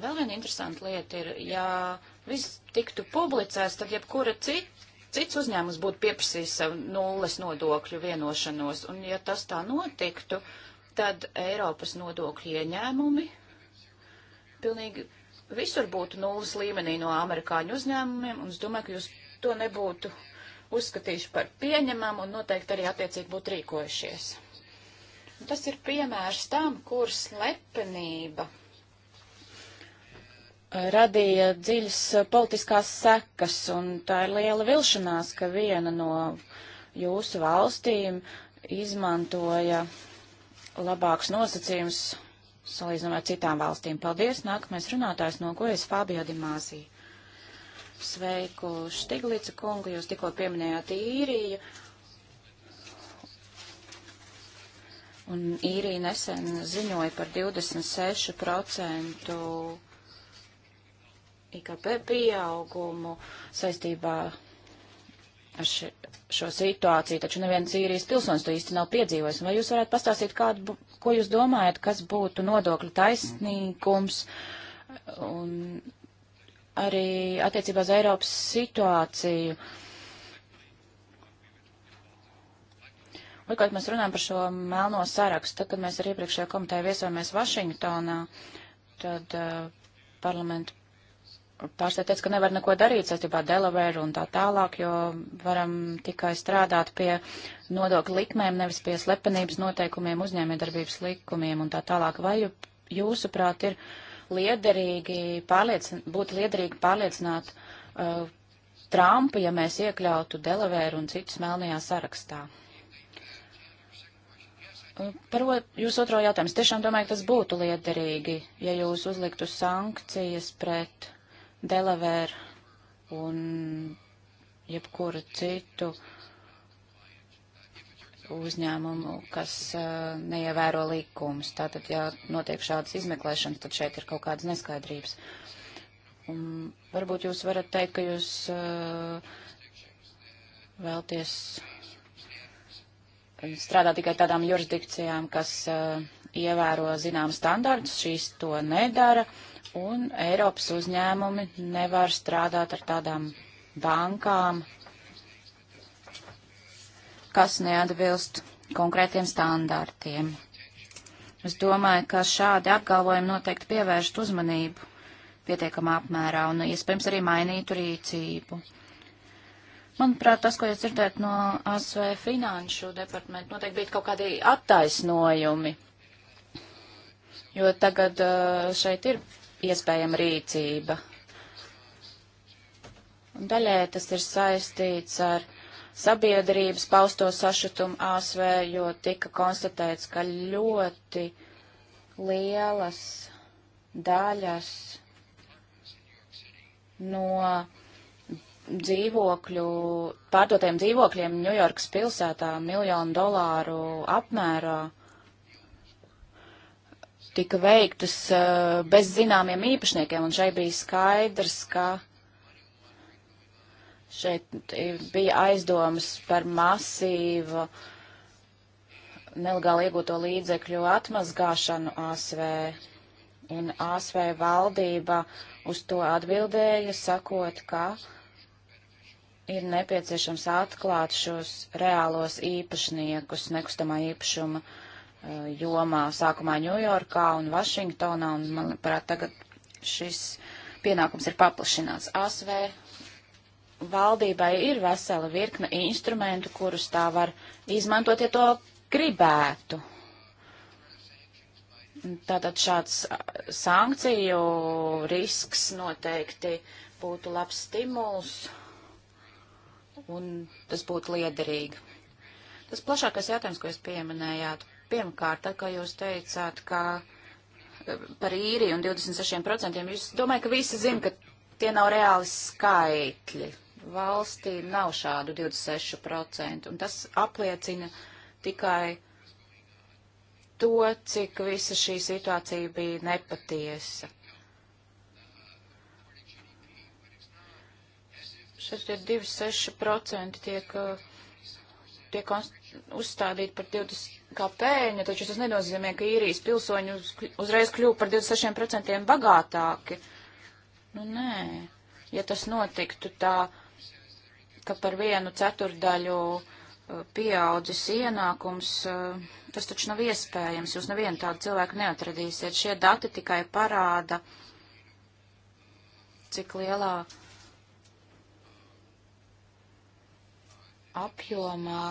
Vēl viena interesanta lieta ir, ja viss tiktu publicēts, tad jebkura cita cits uzņēmums būtu pieprasījis savu nulles nodokļu vienošanos. Un ja tas tā notiktu, tad Eiropas nodokļu ieņēmumi pilnīgi visur būtu nulles līmenī no amerikāņu uzņēmumiem, un es domāju, ka jūs to nebūtu uzskatījuši par pieņemamu un noteikti arī attiecīgi būtu rīkojušies. Un tas ir piemērs tam, kur slepenība radīja dziļas politiskās sekas, un tā ir liela vilšanās, ka viena no jūsu valstīm izmantoja labāks nosacījums salīdzinot ar citām valstīm. Paldies, nākamais runātājs no Gojas Fabio Dimāzī. Sveiku Štiglica kungu, jūs tikko pieminējāt īriju. Un īrija nesen ziņoja par 26% IKP pieaugumu saistībā ar ši, šo situāciju, taču neviens īrijas pilsonis to īsti nav piedzīvojis. Vai jūs varētu pastāstīt, kādu, ko jūs domājat, kas būtu nodokļu taisnīgums un arī attiecībā uz Eiropas situāciju? Otrkārt, mēs runājam par šo melno sarakstu. Tad, kad mēs ar iepriekšējā komiteja viesojamies Vašingtonā, tad uh, parlamentu pārstāvja teica, ka nevar neko darīt saistībā ar Delaware un tā tālāk, jo varam tikai strādāt pie nodokļu likmēm, nevis pie slepenības noteikumiem, uzņēmējdarbības likumiem un tā tālāk. Vai jūsuprāt ir liederīgi pārliecin, būt liederīgi pārliecināt uh, Trumpu, ja mēs iekļautu Delaware un citus melnajā sarakstā? Uh, par jūsu otro jautājumu. Es tiešām domāju, ka tas būtu liederīgi, ja jūs uzliktu sankcijas pret Delavēra un jebkuru citu uzņēmumu, kas uh, neievēro likumus. Tātad, ja notiek šādas izmeklēšanas, tad šeit ir kaut kādas neskaidrības. Un varbūt jūs varat teikt, ka jūs uh, vēlties strādā tikai tādām jurisdikcijām, kas uh, ievēro zinām standartus, šīs to nedara, un Eiropas uzņēmumi nevar strādāt ar tādām bankām, kas neatbilst konkrētiem standārtiem. Es domāju, ka šādi apgalvojumi noteikti pievērst uzmanību pietiekamā apmērā un iespējams arī mainītu rīcību. Manuprāt, tas, ko jūs dzirdēt no ASV finanšu departamentu, noteikti bija kaut kādi attaisnojumi, jo tagad eh, šeit ir iespējama rīcība. Un daļai tas ir saistīts ar sabiedrības pausto sašutumu ASV, jo tika konstatēts, ka ļoti lielas daļas no dzīvokļu, pārdotiem dzīvokļiem Ņujorkas pilsētā miljonu dolāru apmērā tika veiktas uh, bez zināmiem īpašniekiem, un šeit bija skaidrs, ka šeit bija aizdomas par masīvu nelegāli iegūto līdzekļu atmazgāšanu ASV. Un ASV valdība uz to atbildēja, sakot, ka ir nepieciešams atklāt šos reālos īpašniekus nekustamā īpašuma uh, Uh, jomā, sākumā Ņujorkā un Vašingtonā, un, manuprāt, tagad šis pienākums ir paplašināts. ASV valdībai ir vesela virkne instrumentu, kurus tā var izmantot, ja to gribētu. Tātad šāds uh, sankciju risks noteikti būtu labs stimuls, un tas būtu liederīgi. Tas plašākais jautājums, ko jūs pieminējāt Pirmkārt, tā kā jūs teicāt, ka e, par īriju un 26%, jūs domāju, ka visi zina, ka tie nav reāli skaitļi. Valstī nav šādu 26%, un tas apliecina tikai to, cik visa šī situācija bija nepatiesa. Šeit ir 26% tiek uh, tiek uzstādīti par 20 kā pēļņu, taču tas nenozīmē, ka īrijas pilsoņi uz, uzreiz kļūst par 26% bagātāki. Nu, nē, ja tas notiktu tā, ka par vienu ceturdaļu uh, pieaudzis ienākums, uh, tas taču nav iespējams, jūs nevienu tādu cilvēku neatradīsiet. Šie dati tikai parāda, cik lielā apjomā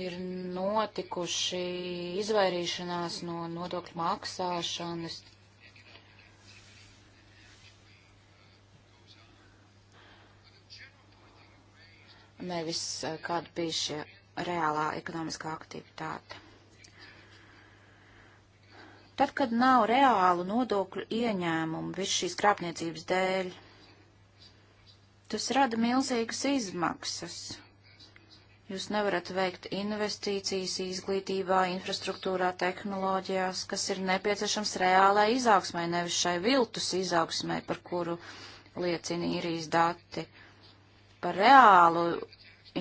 ir notikuši izvairīšanās no nodokļu maksāšanas. Nevis eh, kāda bija šī reālā ekonomiskā aktivitāte. Tad, kad nav reālu nodokļu ieņēmumu visu šīs krāpniecības dēļ, Tas rada milzīgas izmaksas. Jūs nevarat veikt investīcijas izglītībā, infrastruktūrā, tehnoloģijās, kas ir nepieciešams reālai izaugsmai, nevis šai viltus izaugsmai, par kuru liecina īrijas dati. Par reālu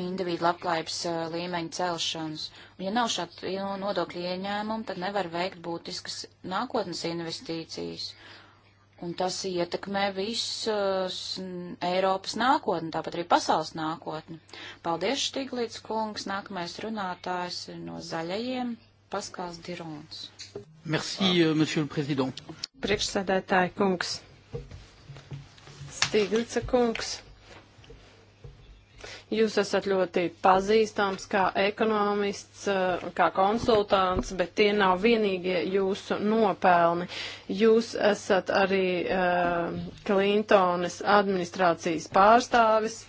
individu labklājības uh, līmeņa celšanas. Un, ja nav šādu nodokļu ieņēmumu, tad nevar veikt būtiskas nākotnes investīcijas un tas ietekmē visus Eiropas nākotni, tāpat arī pasaules nākotni. Paldies, Štiglīts kungs, nākamais runātājs no zaļajiem, Paskāls Dirons. Merci, euh, monsieur le président. Priekšsēdētāji kungs. Stīglica kungs. Jūs esat ļoti pazīstams kā ekonomists, eh, kā konsultants, bet tie nav vienīgie jūsu nopelni. Jūs esat arī Klintonas eh, uh, administrācijas pārstāvis.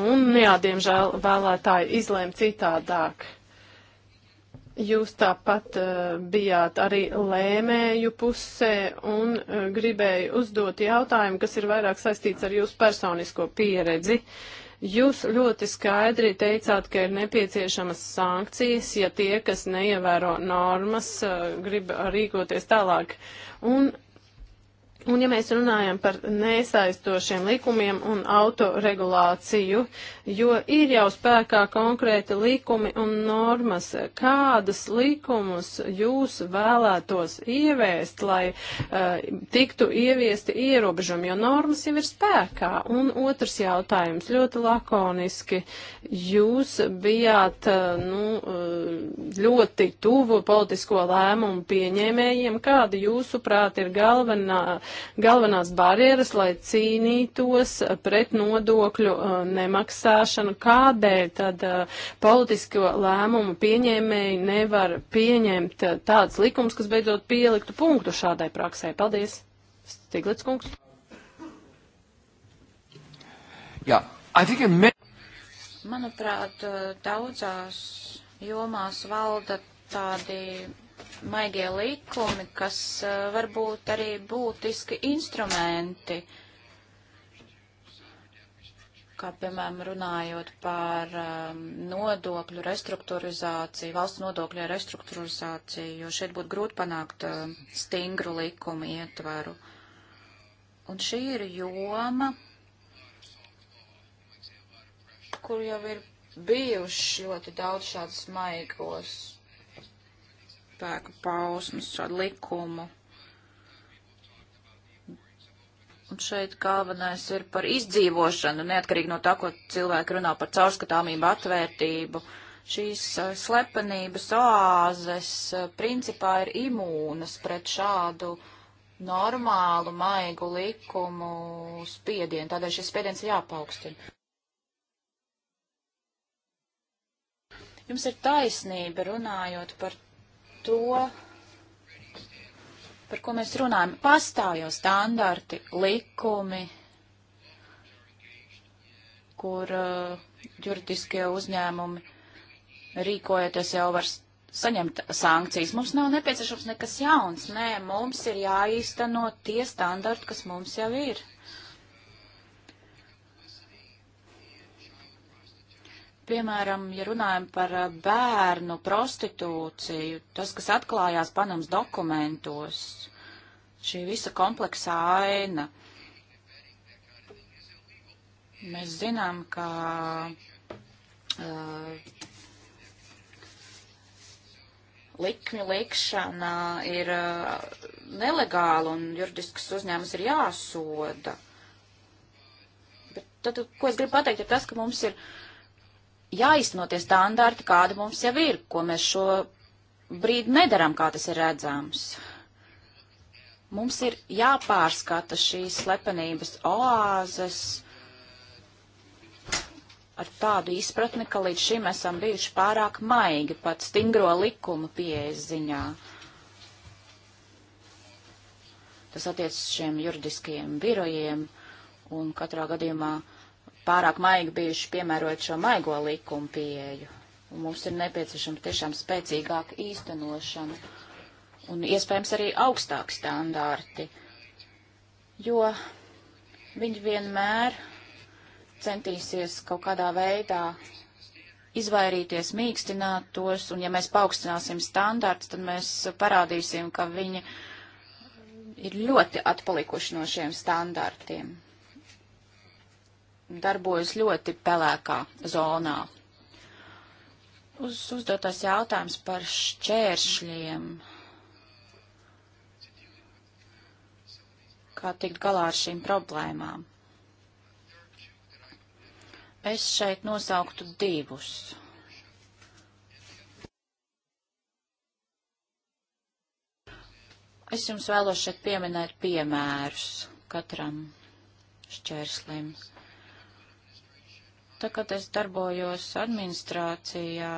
Un, nu jā, diemžēl vēlētāji izlēma citādāk. Jūs tāpat uh, bijāt arī lēmēju pusē un uh, gribēju uzdot jautājumu, kas ir vairāk saistīts ar jūsu personisko pieredzi. Jūs ļoti skaidri teicāt, ka ir nepieciešamas sankcijas, ja tie, kas neievēro normas, uh, grib rīkoties tālāk. Un Un ja mēs runājam par nesaistošiem likumiem un autoregulāciju, jo ir jau spēkā konkrēti likumi un normas, kādas likumus jūs vēlētos ieviest, lai uh, tiktu ieviesti ierobežumi, jo normas jau ir spēkā. Un otrs jautājums ļoti lakoniski. Jūs bijāt uh, nu, uh, ļoti tuvu politisko lēmumu pieņēmējiem. Kāda jūsuprāt ir galvenā? Uh, galvenās barjeras, lai cīnītos pret nodokļu uh, nemaksāšanu. Kādēļ tad uh, politisko lēmumu pieņēmēji nevar pieņemt uh, tāds likums, kas beidzot pieliktu punktu šādai praksē? Paldies! Stiglitz kungs. Jā, yeah, manuprāt, daudzās jomās valda tādi maigie likumi, kas uh, varbūt arī būtiski instrumenti, kā piemēram runājot par um, nodokļu restruktūrizāciju, valsts nodokļu restruktūrizāciju, jo šeit būtu grūti panākt uh, stingru likumu ietvaru. Un šī ir joma, kur jau ir bijuši ļoti daudz šādas maigos spēka pausmas, šādu likumu. Un šeit galvenais ir par izdzīvošanu, neatkarīgi no tā, ko cilvēki runā par caurskatāmību, atvērtību. Šīs slepenības oāzes principā ir imūnas pret šādu normālu, maigu likumu spiedienu. Tādēļ šis spiediens ir jāpaukstina. Jums ir taisnība runājot par to, par ko mēs runājam. Pastāv jau standarti, likumi, kur uh, juridiskie uzņēmumi rīkojoties jau var saņemt sankcijas. Mums nav nepieciešams nekas jauns. Nē, mums ir jāīsteno tie standarti, kas mums jau ir. Piemēram, ja runājam par bērnu prostitūciju, tas, kas atklājās Panamas dokumentos, šī visa kompleksā aina. Mēs zinām, ka uh, likmju likšana ir uh, nelegāla un juridiskas uzņēmas ir jāsoda. Bet tad, ko es gribu pateikt, ir tas, ka mums ir uh, jāiztenotie standarti, kādi mums jau ir, ko mēs šo brīdi nedaram, kā tas ir redzams. Mums ir jāpārskata šīs slepenības oāzes ar tādu izpratni, ka līdz šim esam bijuši pārāk maigi pat stingro likumu pieejas ziņā. Tas attiecas šiem juridiskajiem birojiem un katrā gadījumā uh, pārāk maigi bijuši piemērojot šo maigo likumu pieeju. Un mums ir nepieciešama tiešām spēcīgāka īstenošana un iespējams arī augstāki standārti, jo viņi vienmēr centīsies kaut kādā veidā izvairīties, mīkstināt tos, un ja mēs paaugstināsim standārts, tad mēs parādīsim, ka viņi ir ļoti atpalikuši no šiem standārtiem darbojas ļoti pelēkā zonā. Uz uzdotais jautājums par šķēršļiem. Kā tikt galā ar šīm problēmām? Es šeit nosauktu divus. Es jums vēlos šeit pieminēt piemērus katram šķērslim. Uh, Tā kad es darbojos administrācijā,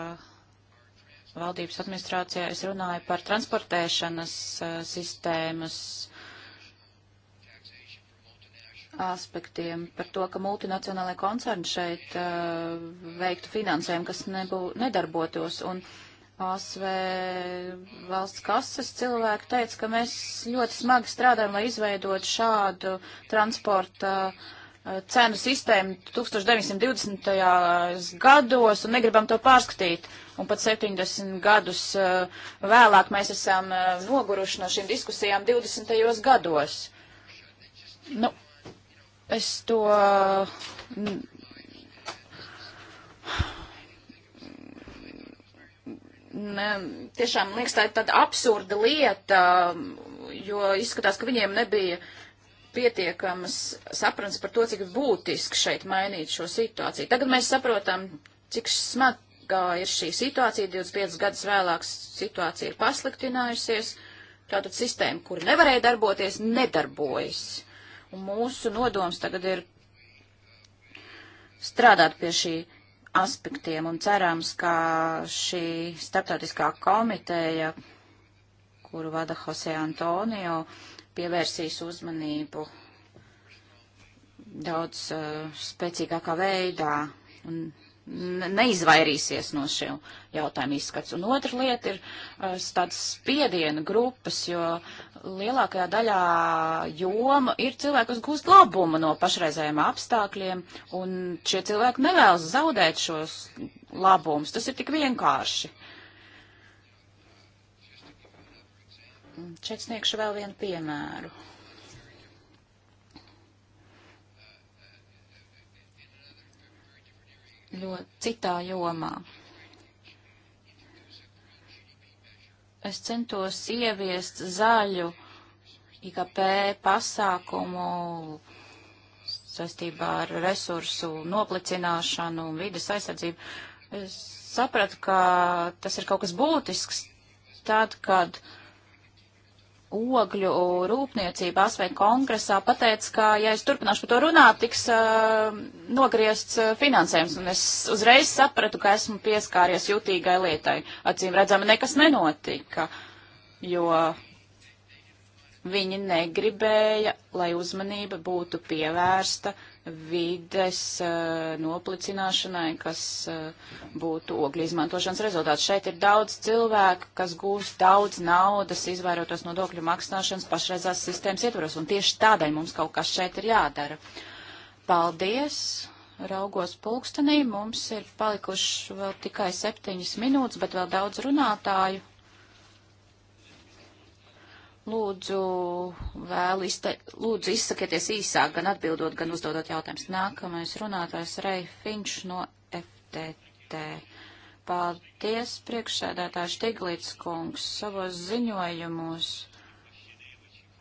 valdības administrācijā, es runāju par transportēšanas uh, sistēmas aspektiem, par to, ka multinacionālai koncerni šeit uh, veiktu finansējumu, kas nebū, nedarbotos. Un ASV valsts kases cilvēki teica, ka mēs ļoti smagi strādājam, lai izveidot šādu transporta uh, Uh, cenu sistēmu 1920. gados un negribam to pārskatīt. Un pat 70 gadus uh, vēlāk mēs esam uh, noguruši no šīm diskusijām 20. gados. Nu, es to mm, ne, tiešām liekas, tā ir tāda absurda lieta, um, jo izskatās, ka viņiem nebija pietiekamas saprans par to, cik būtiski šeit mainīt šo situāciju. Tagad mēs saprotam, cik smagā ir šī situācija, 25 gadus vēlāk situācija ir pasliktinājusies, tātad sistēma, kur nevarēja darboties, nedarbojas. Un mūsu nodoms tagad ir strādāt pie šī aspektiem un cerams, ka šī starptautiskā komiteja, kuru vada Jose Antonio, pievērsīs uzmanību daudz uh, spēcīgākā veidā un neizvairīsies no šiem jautājumu izskats. Un otra lieta ir uh, tāds spiediena grupas, jo lielākajā daļā joma ir cilvēki, kas gūst labumu no pašreizējiem apstākļiem, un šie cilvēki nevēlas zaudēt šos labumus. Tas ir tik vienkārši. Uh, Mm, šeit sniegšu vēl vienu piemēru. Jo citā jomā. Es centos ieviest zaļu IKP pasākumu saistībā ar resursu noplicināšanu un vides aizsardzību. Es sapratu, ka tas ir kaut kas būtisks tad, kad uh, ogļu rūpniecība ASV kongresā pateica, ka, ja es turpināšu par to runāt, tiks uh, nogriezts uh, finansējums. Un es uzreiz sapratu, ka esmu pieskāries jutīgai lietai. Acīm redzami, nekas nenotika, jo viņi negribēja, lai uzmanība būtu pievērsta uh, vides eh, noplicināšanai, kas eh, būtu ogļu izmantošanas rezultāts. Šeit ir daudz cilvēku, kas gūst daudz naudas, izvairotos nodokļu maksāšanas pašreizās sistēmas ietvaros, un tieši tādēļ mums kaut kas šeit ir jādara. Paldies! Raugos pulkstenī, mums ir palikuši vēl tikai septiņas minūtes, bet vēl daudz runātāju. Lūdzu, vēl izte, lūdzu izsakieties īsāk, gan atbildot, gan uzdodot jautājumus. Nākamais runātājs Rei Finč no FTT. Paldies, priekšsēdētājs Tiglīts kungs, savos ziņojumus,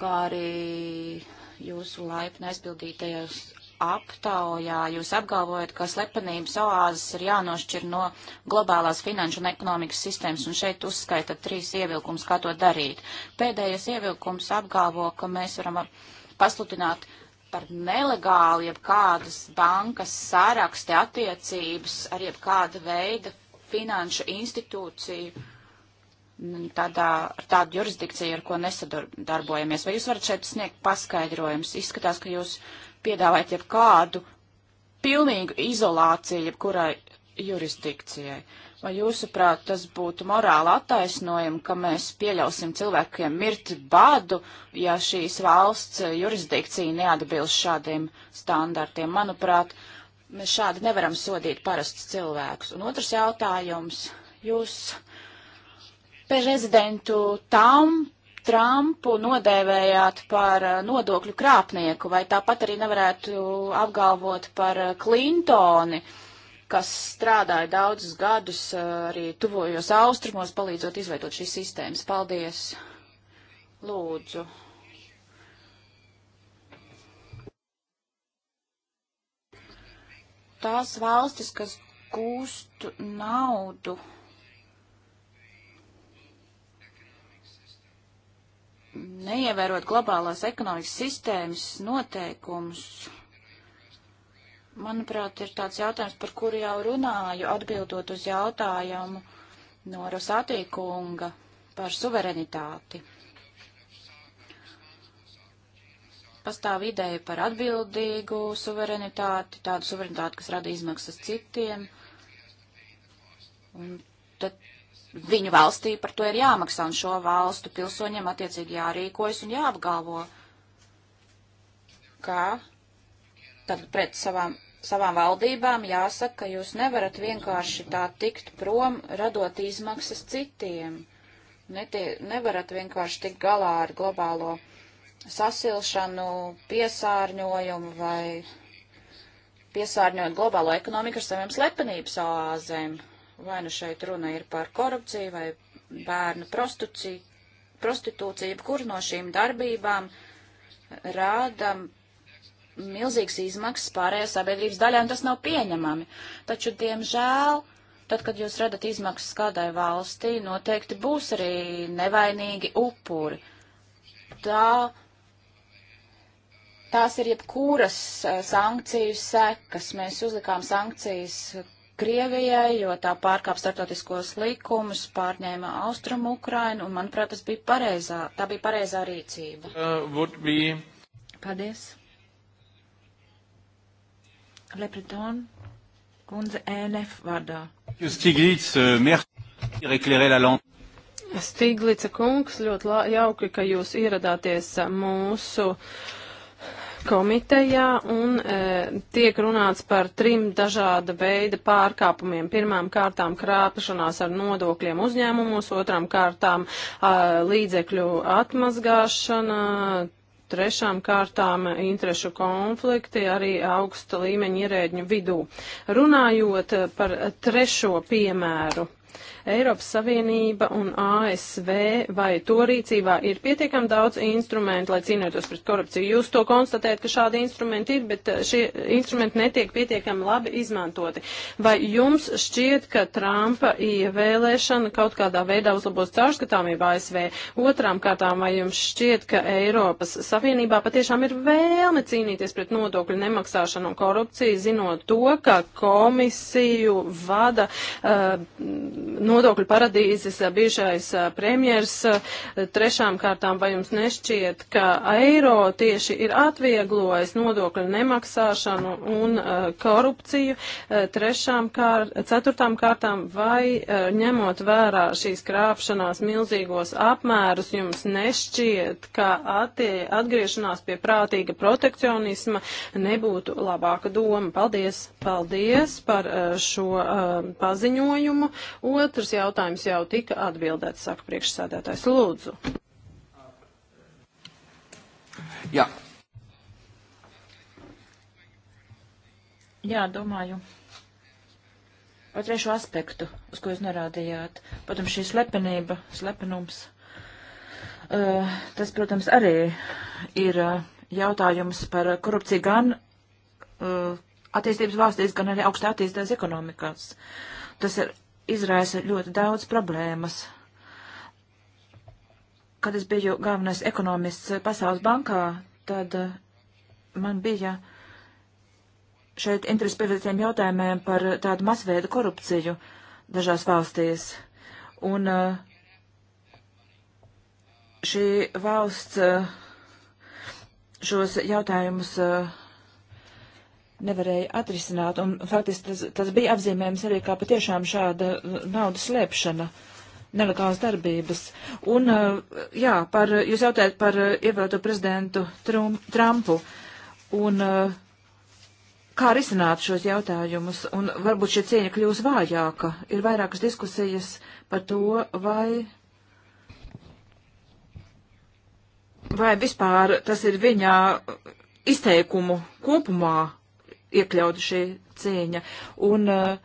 kā arī jūsu laipni aizbildītajos aptaujā jūs apgalvojat, ka slepenības oāzes ir jānošķir no globālās finanšu un ekonomikas sistēmas, un šeit uzskaita trīs ievilkums, kā to darīt. Pēdējais ievilkums apgalvo, ka mēs varam pasludināt par nelegāli jebkādas bankas saraksti attiecības ar jebkāda veida finanšu institūciju, tādā, tādu jurisdikciju, ar ko nesadarbojamies. Vai jūs varat šeit sniegt paskaidrojumus? Izskatās, ka jūs piedāvāt jebkādu pilnīgu izolāciju jebkurai jurisdikcijai. Vai jūsuprāt, tas būtu morāli attaisnojami, ka mēs pieļausim cilvēkiem mirt badu, ja šīs valsts jurisdikcija neatbilst šādiem standartiem? Manuprāt, mēs šādi nevaram sodīt parastus cilvēkus. Un otrs jautājums. Jūs prezidentū tam Trumpu nodēvējāt par eh, nodokļu krāpnieku, vai tāpat arī nevarētu apgalvot par Klintoni, eh, kas strādāja daudzus gadus eh, arī tuvojos austrumos, palīdzot izveidot šīs sistēmas. Paldies! Lūdzu! Tās valstis, kas gūst naudu neievērot globālās ekonomikas sistēmas noteikumus, manuprāt, ir tāds jautājums, par kuru jau runāju, atbildot uz jautājumu no Rosatī kunga par suverenitāti. Pastāv ideja par atbildīgu suverenitāti, tādu suverenitāti, kas rada izmaksas citiem. Un tad viņu valstī par to ir jāmaksā, un šo valstu pilsoņiem attiecīgi jārīkojas un jāapgalvo, ka tad pret savām, savām valdībām jāsaka, ka jūs nevarat vienkārši tā tikt prom, radot izmaksas citiem. Netie, nevarat vienkārši tikt galā ar globālo sasilšanu, piesārņojumu vai piesārņot globālo ekonomiku ar saviem slepenības oāzēm. Vai nu šeit runa ir par korupciju vai bērnu prostitūciju, kur no šīm darbībām rāda milzīgas izmaksas pārējai sabiedrības daļai, un tas nav pieņemami. Taču, diemžēl, tad, kad jūs redat izmaksas kādai valstī, noteikti būs arī nevainīgi upuri. Tā, tās ir jebkuras eh, sankciju sekas. Mēs uzlikām sankcijas Krievijai, jo tā pārkāp startotiskos likumus, pārņēma Austrumu Ukrainu, un, manuprāt, tas bija pareizā, tā bija pareizā rīcība. Uh, be... Paldies. Lepreton, kundze ENF vārdā. Stiglitz, uh, mer... Stiglica kungs, ļoti jauki, ka jūs ieradāties mūsu uh, komitejā un e, tiek runāts par trim dažāda veida pārkāpumiem. Pirmām kārtām krāpšanās ar nodokļiem uzņēmumos, otram kārtām e, līdzekļu atmazgāšana, trešām kārtām interešu konflikti arī augsta līmeņa ierēģņu vidū. Runājot par trešo piemēru, Eiropas Savienība un ASV vai to rīcībā ir pietiekami daudz instrumentu, lai cīnītos pret korupciju. Jūs to konstatējat, ka šādi instrumenti ir, bet eh, šie instrumenti netiek pietiekami labi izmantoti. Vai jums šķiet, ka Trumpa ievēlēšana kaut kādā veidā uzlabos caurskatāmību ASV? Otrām kārtām, vai jums šķiet, ka Eiropas Savienībā patiešām ir vēlme cīnīties pret nodokļu nemaksāšanu un korupciju, zinot to, ka komisiju vada uh, eh, no nodokļu paradīzes bijušais premjers. Trešām kārtām vai jums nešķiet, ka eiro tieši ir atvieglojis nodokļu nemaksāšanu un korupciju? Trešām kār, ceturtām kārtām vai ņemot vērā šīs krāpšanās milzīgos apmērus jums nešķiet, ka attie, atgriešanās pie prātīga protekcionisma nebūtu labāka doma? Paldies! Paldies par šo paziņojumu. Otrs otrs jautājums jau tika atbildēts, saka priekšsēdētājs. Lūdzu. Jā. Jā, domāju. Par trešo aspektu, uz ko jūs norādījāt. Protams, šī slepenība, slepenums. Uh, tas, protams, arī ir uh, jautājums par korupciju gan uh, attīstības valstīs, gan arī augstā attīstās ekonomikās. Tas ir izraisa ļoti daudz problēmas. Kad es biju galvenais ekonomists Pasaules bankā, tad eh, man bija šeit interesi pievērsties jautājumiem par tādu masveidu korupciju dažās valstīs. Un eh, šī valsts eh, šos jautājumus uh, nevarēja atrisināt, un faktiski tas, tas bija apzīmējums arī kā patiešām šāda uh, naudas slēpšana, nelegālas darbības. Un, uh, jā, par, jūs jautājat par uh, ievēlēto prezidentu Trum, Trumpu, un kā risināt šos jautājumus, un varbūt šī cieņa kļūs vājāka. Ir vairākas diskusijas par to, vai. Vai vispār tas ir viņa izteikumu kopumā iekļauta šī cīņa. Un eh,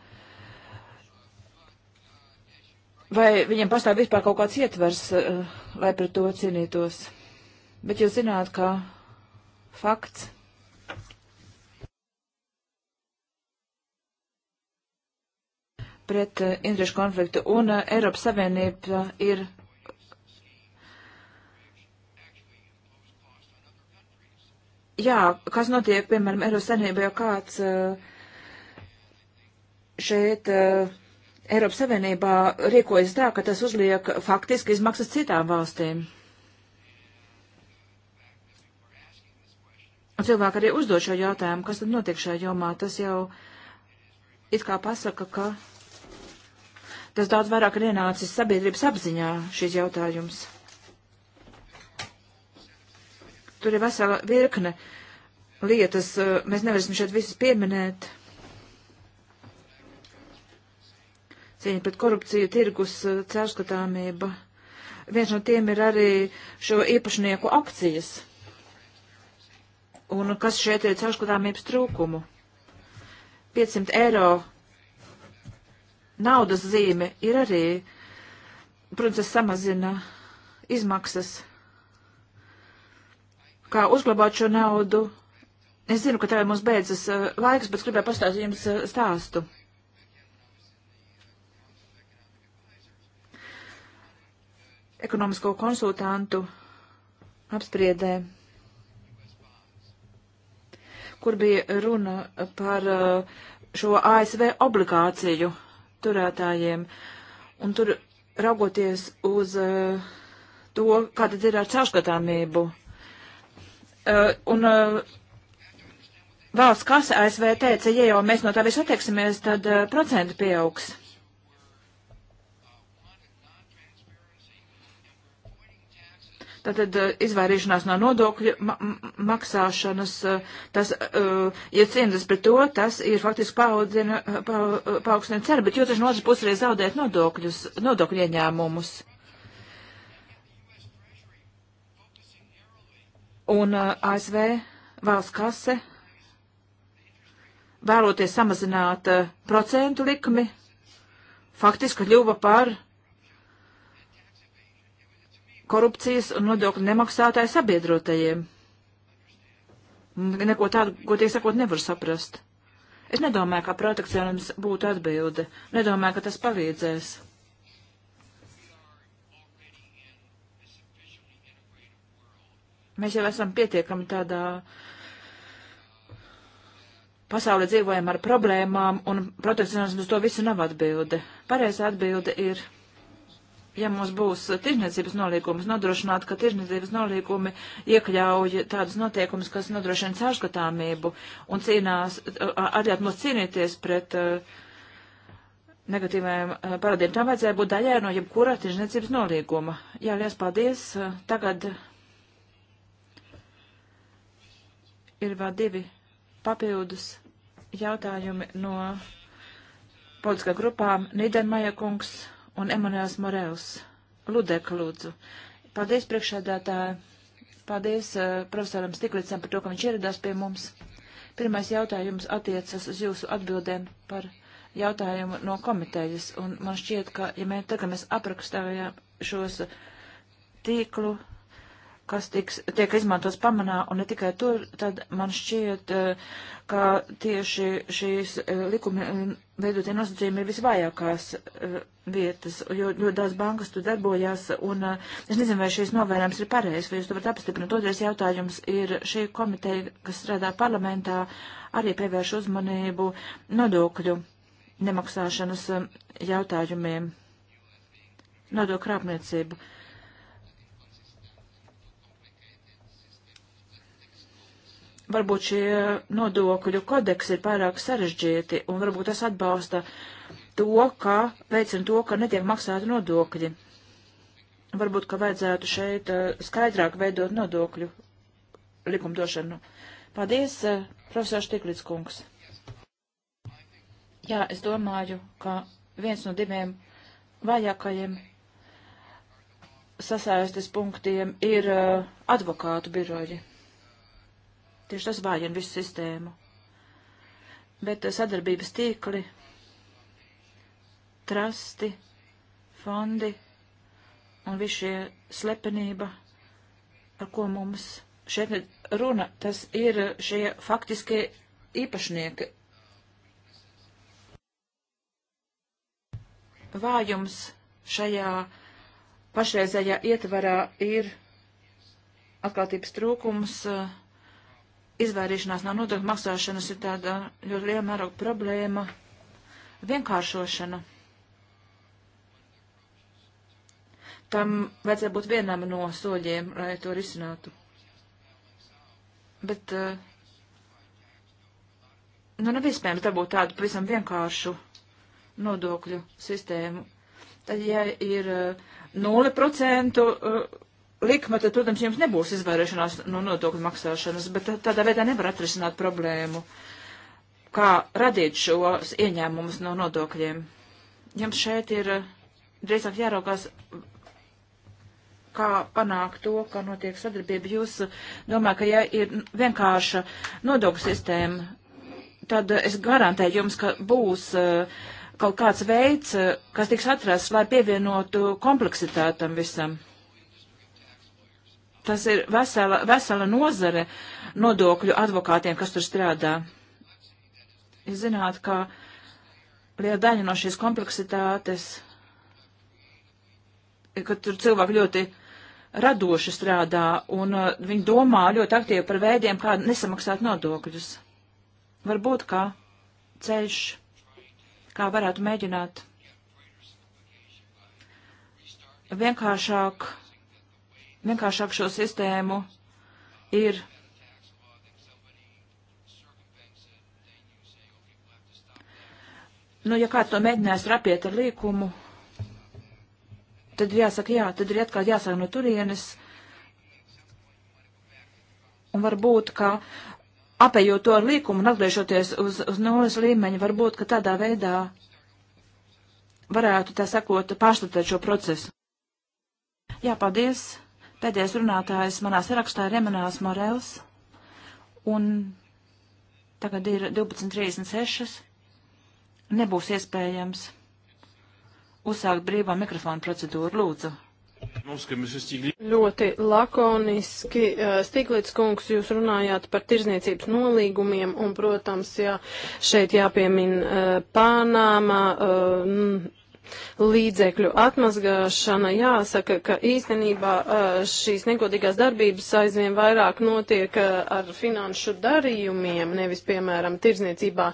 vai viņiem pastāv vispār kaut kāds ietvers, eh, lai pret to cīnītos? Bet jūs zināt, ka fakts. pret eh, interešu konfliktu, un Eiropas Savienība ir jā, kas notiek, piemēram, Eiropas Savienībā, jo kāds eh, šeit eh, Eiropas Savienībā rīkojas tā, ka tas uzliek faktiski izmaksas citām valstīm. Un cilvēki arī uzdod šo jautājumu, kas tad notiek šajā jomā. Tas jau it kā pasaka, ka tas daudz vairāk ir ienācis sabiedrības apziņā šīs jautājums. Tur ir vesela virkne lietas, eh, mēs nevarēsim šeit visas pieminēt. Cīņa pret korupciju, tirgus, eh, cērskatāmība. Viens no tiem ir arī šo īpašnieku akcijas. Un kas šeit ir cērskatāmības trūkumu? 500 eiro naudas zīme ir arī, protams, samazina izmaksas kā uzglabāt šo naudu. Es zinu, ka tev mums beidzas eh, laiks, bet gribēju pastāstīt jums eh, stāstu. Ekonomisko konsultantu apspriedē, kur bija runa par eh, šo ASV obligāciju turētājiem. Un tur raugoties uz to, kāda ir ar caurskatāmību Eh, un eh, valsts kasa ASV teica, ja jau mēs no tā visu attieksimies, tad eh, procenti pieaugs. Tātad izvairīšanās no nodokļu ma maksāšanas, tas, ja cīnās pret to, tas ir faktiski paaugstina pa, cenu, bet jūs taču no otras puses arī zaudēt nodokļus, nodokļu ieņēmumus. Un uh, ASV valsts kase vēloties samazināt uh, procentu likmi, faktiski kļuva par korupcijas un nodokļu nemaksātāju sabiedrotajiem. Neko tādu, godīgi sakot, nevar saprast. Es nedomāju, ka protekcionisms būtu atbilde. Nedomāju, ka tas palīdzēs. Mēs jau esam pietiekami tādā pasaulē dzīvojam ar problēmām, un protekcionisms uz to visu nav atbilde. Pareizā atbilde ir, ja mums būs tirzniecības nolīgumas, nodrošināt, ka tirzniecības nolīgumi iekļauj tādus notiekumus, kas nodrošina caurskatāmību un cīnās, atļaut mums cīnīties pret uh, negatīvajiem uh, paradiem. Tam vajadzēja būt daļai no jebkura tirzniecības nolīguma. Jā, liels paldies. Tagad ir vēl divi papildus jautājumi no politiskā grupām Nīdermaja kungs un Emanuēls Morels. Ludek, lūdzu. Paldies priekšēdētāji. Paldies uh, profesoram Stiklicam par to, ka viņš ieradās pie mums. Pirmais jautājums attiecas uz jūsu atbildēm par jautājumu no komitejas. Un man šķiet, ka, ja mēs tagad mēs aprakstājām šos tīklu kas tiks, tiek izmantos pamanā, un ne tikai tur, tad man šķiet, eh, ka tieši šīs eh, likumi eh, veidotie nosacījumi ir visvājākās vietas, jo ļoti daudz bankas tur darbojās, un es nezinu, vai šīs novērojums ir pareizs, vai jūs to varat apstiprināt. Otrais jautājums ir šī komiteja, kas strādā parlamentā, arī pievērš uzmanību nodokļu nemaksāšanas jautājumiem, nodokļu krāpniecību. Uh, varbūt šie nodokļu kodeksi ir pārāk sarežģīti, un varbūt tas atbalsta to, ka veicina to, ka netiek maksāti nodokļi. Varbūt, ka vajadzētu šeit eh, skaidrāk veidot nodokļu likumdošanu. Paldies, eh, profesors Tiklits kungs. Jā, es domāju, ka viens no diviem vajākajiem sasaistes punktiem ir eh, advokātu biroji. Tieši tas vājina visu sistēmu. Bet eh, sadarbības tīkli, trasti, fondi un visi šie slepenība, ar ko mums šeit runa, tas ir šie faktiskie īpašnieki. Vājums šajā pašreizējā ietvarā ir atklātības trūkums. Uh, izvairīšanās no nodokļu maksāšanas ir tāda ļoti liela mēroga problēma vienkāršošana. Tam vajadzētu būt vienam no soļiem, lai to risinātu. Bet, eh, nu, nav iespējams dabūt tādu pavisam vienkāršu nodokļu sistēmu. Tad, ja ir 0% eh, likme, tad, protams, jums nebūs izvairīšanās no nodokļu maksāšanas, bet tādā veidā nevar atrisināt problēmu, kā radīt šos ieņēmumus no nodokļiem. Jums šeit ir drīzāk jāraugās, kā panākt to, ka notiek sadarbība. Jūs domājat, ka ja ir vienkārša nodokļu sistēma, tad es garantēju jums, ka būs uh, kaut kāds veids, eh, kas tiks atrasts, lai pievienotu kompleksitātam visam. Tas ir vesela, vesela nozare nodokļu advokātiem, kas tur strādā. Jūs zināt, ka liela daļa no šīs kompleksitātes, ka tur cilvēki ļoti radoši strādā un uh, viņi domā ļoti aktīvi par veidiem, kā nesamaksāt nodokļus. Varbūt kā ceļš, kā varētu mēģināt vienkāršāk vienkāršāk šo sistēmu ir Nu, ja kāds to mēģinās rapiet ar līkumu, tad ir jāsaka jā, tad ir atkal jāsāk no turienes. Un varbūt, ka apējot to ar līkumu un atgriežoties uz, uz nulles līmeņa, varbūt, ka tādā veidā varētu, tā sakot, pārstatēt šo procesu. Jā, paldies. Pēdējais runātājs manā sarakstā ir Emanāls Morels, un tagad ir 12.36. Nebūs iespējams uzsākt brīvā mikrofona procedūru. Lūdzu! Ļoti lakoniski, Stiglits kungs, jūs runājāt par tirzniecības nolīgumiem, un, protams, jā, šeit jāpiemin Pānāma, līdzekļu atmazgāšana, jāsaka, ka īstenībā šīs negodīgās darbības aizvien vairāk notiek ar finanšu darījumiem, nevis, piemēram, tirzniecībā.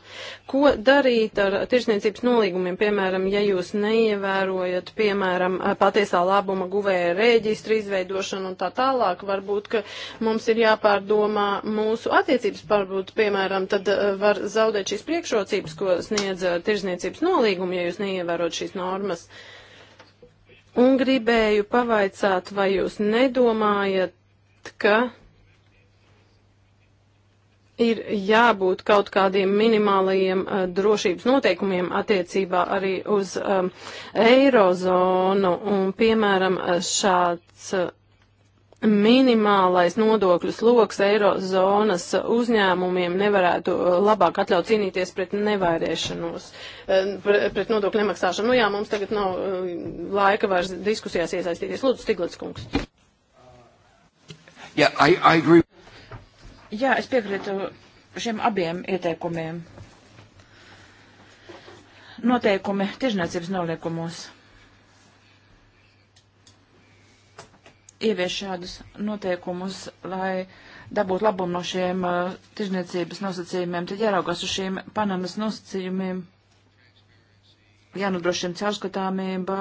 Ko darīt ar tirzniecības nolīgumiem, piemēram, ja jūs neievērojat, piemēram, patiesā labuma guvēja reģistru izveidošanu un tā tālāk, varbūt, ka mums ir jāpārdomā mūsu attiecības, varbūt, piemēram, tad var zaudēt šīs priekšrocības, ko sniedz tirzniecības nolīgumi, ja jūs neievērot šīs normas. Un gribēju pavaicāt, vai jūs nedomājat, ka ir jābūt kaut kādiem minimālajiem uh, drošības noteikumiem attiecībā arī uz um, eirozonu un, piemēram, eh, šāds uh, minimālais nodokļu sloks eirozonas uzņēmumiem nevarētu uh, labāk atļaut cīnīties pret nevairēšanos, uh, pret nodokļu nemaksāšanu. Nu jā, mums tagad nav uh, laika vairs diskusijās iesaistīties. Lūdzu, Stiglits kungs. Yeah, I, I agree. Jā, es piekrītu šiem abiem ieteikumiem. Noteikumi tiešniecības noliekumos ievies šādus noteikumus, lai dabūtu labumu no šiem uh, tirzniecības nosacījumiem, tad jāraugās uz šiem Panamas nosacījumiem, jānodrošina caurskatāmība,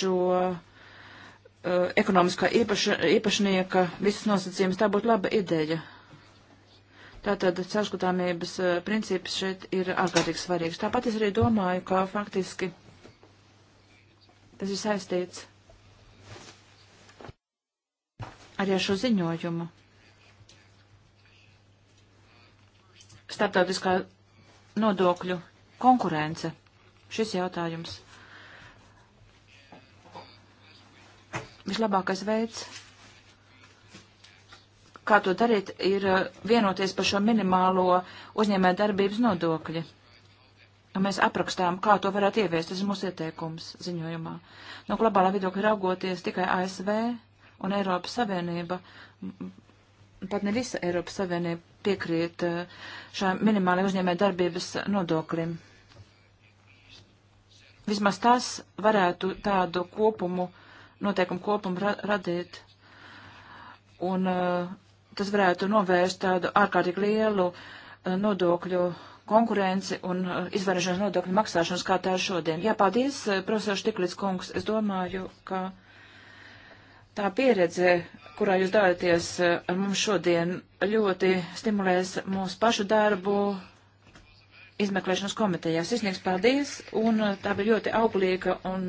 šo uh, ekonomiskā īpaša, īpašnieka visas nosacījumus. Tā būtu laba ideja. Tātad caurskatāmības uh, princips šeit ir ārkārtīgi svarīgs. Tāpat es arī domāju, ka faktiski tas ir saistīts arī ar šo ziņojumu. Startautiskā nodokļu konkurence. Šis jautājums. Vislabākais veids, kā to darīt, ir uh, vienoties par šo minimālo uzņēmē darbības nodokļi. Un mēs aprakstām, kā to varētu ieviest. Tas ir mūsu ieteikums ziņojumā. No globālā viedokļa raugoties tikai ASV un Eiropas Savienība, pat ne visa Eiropas Savienība piekrīt eh, šām minimālajām uzņēmē darbības nodoklim. Vismaz tas varētu tādu kopumu, noteikumu kopumu ra radīt. Un uh, tas varētu novērst tādu ārkārtīgi lielu uh, nodokļu konkurenci un izvairīšanos nodokļu maksāšanas, kā tā ir šodien. Jā, paldies, profesors Tiklits kungs. Es domāju, ka Tā pieredze, kurā jūs dalāties ar eh, mums šodien, ļoti stimulēs mūsu pašu darbu izmeklēšanas komitejās. Izniegs paldies, un eh, tā bija ļoti auglīga un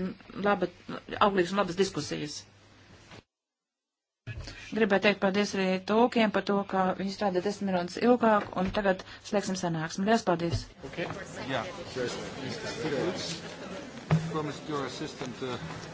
laba, auglīgas un labas diskusijas. Gribētu teikt paldies arī tūkiem par to, ka viņi strādā desmit minūtes ilgāk, un tagad slēgsim sanāksmi. Liels paldies! Okay. Yeah. Promise your assistant uh,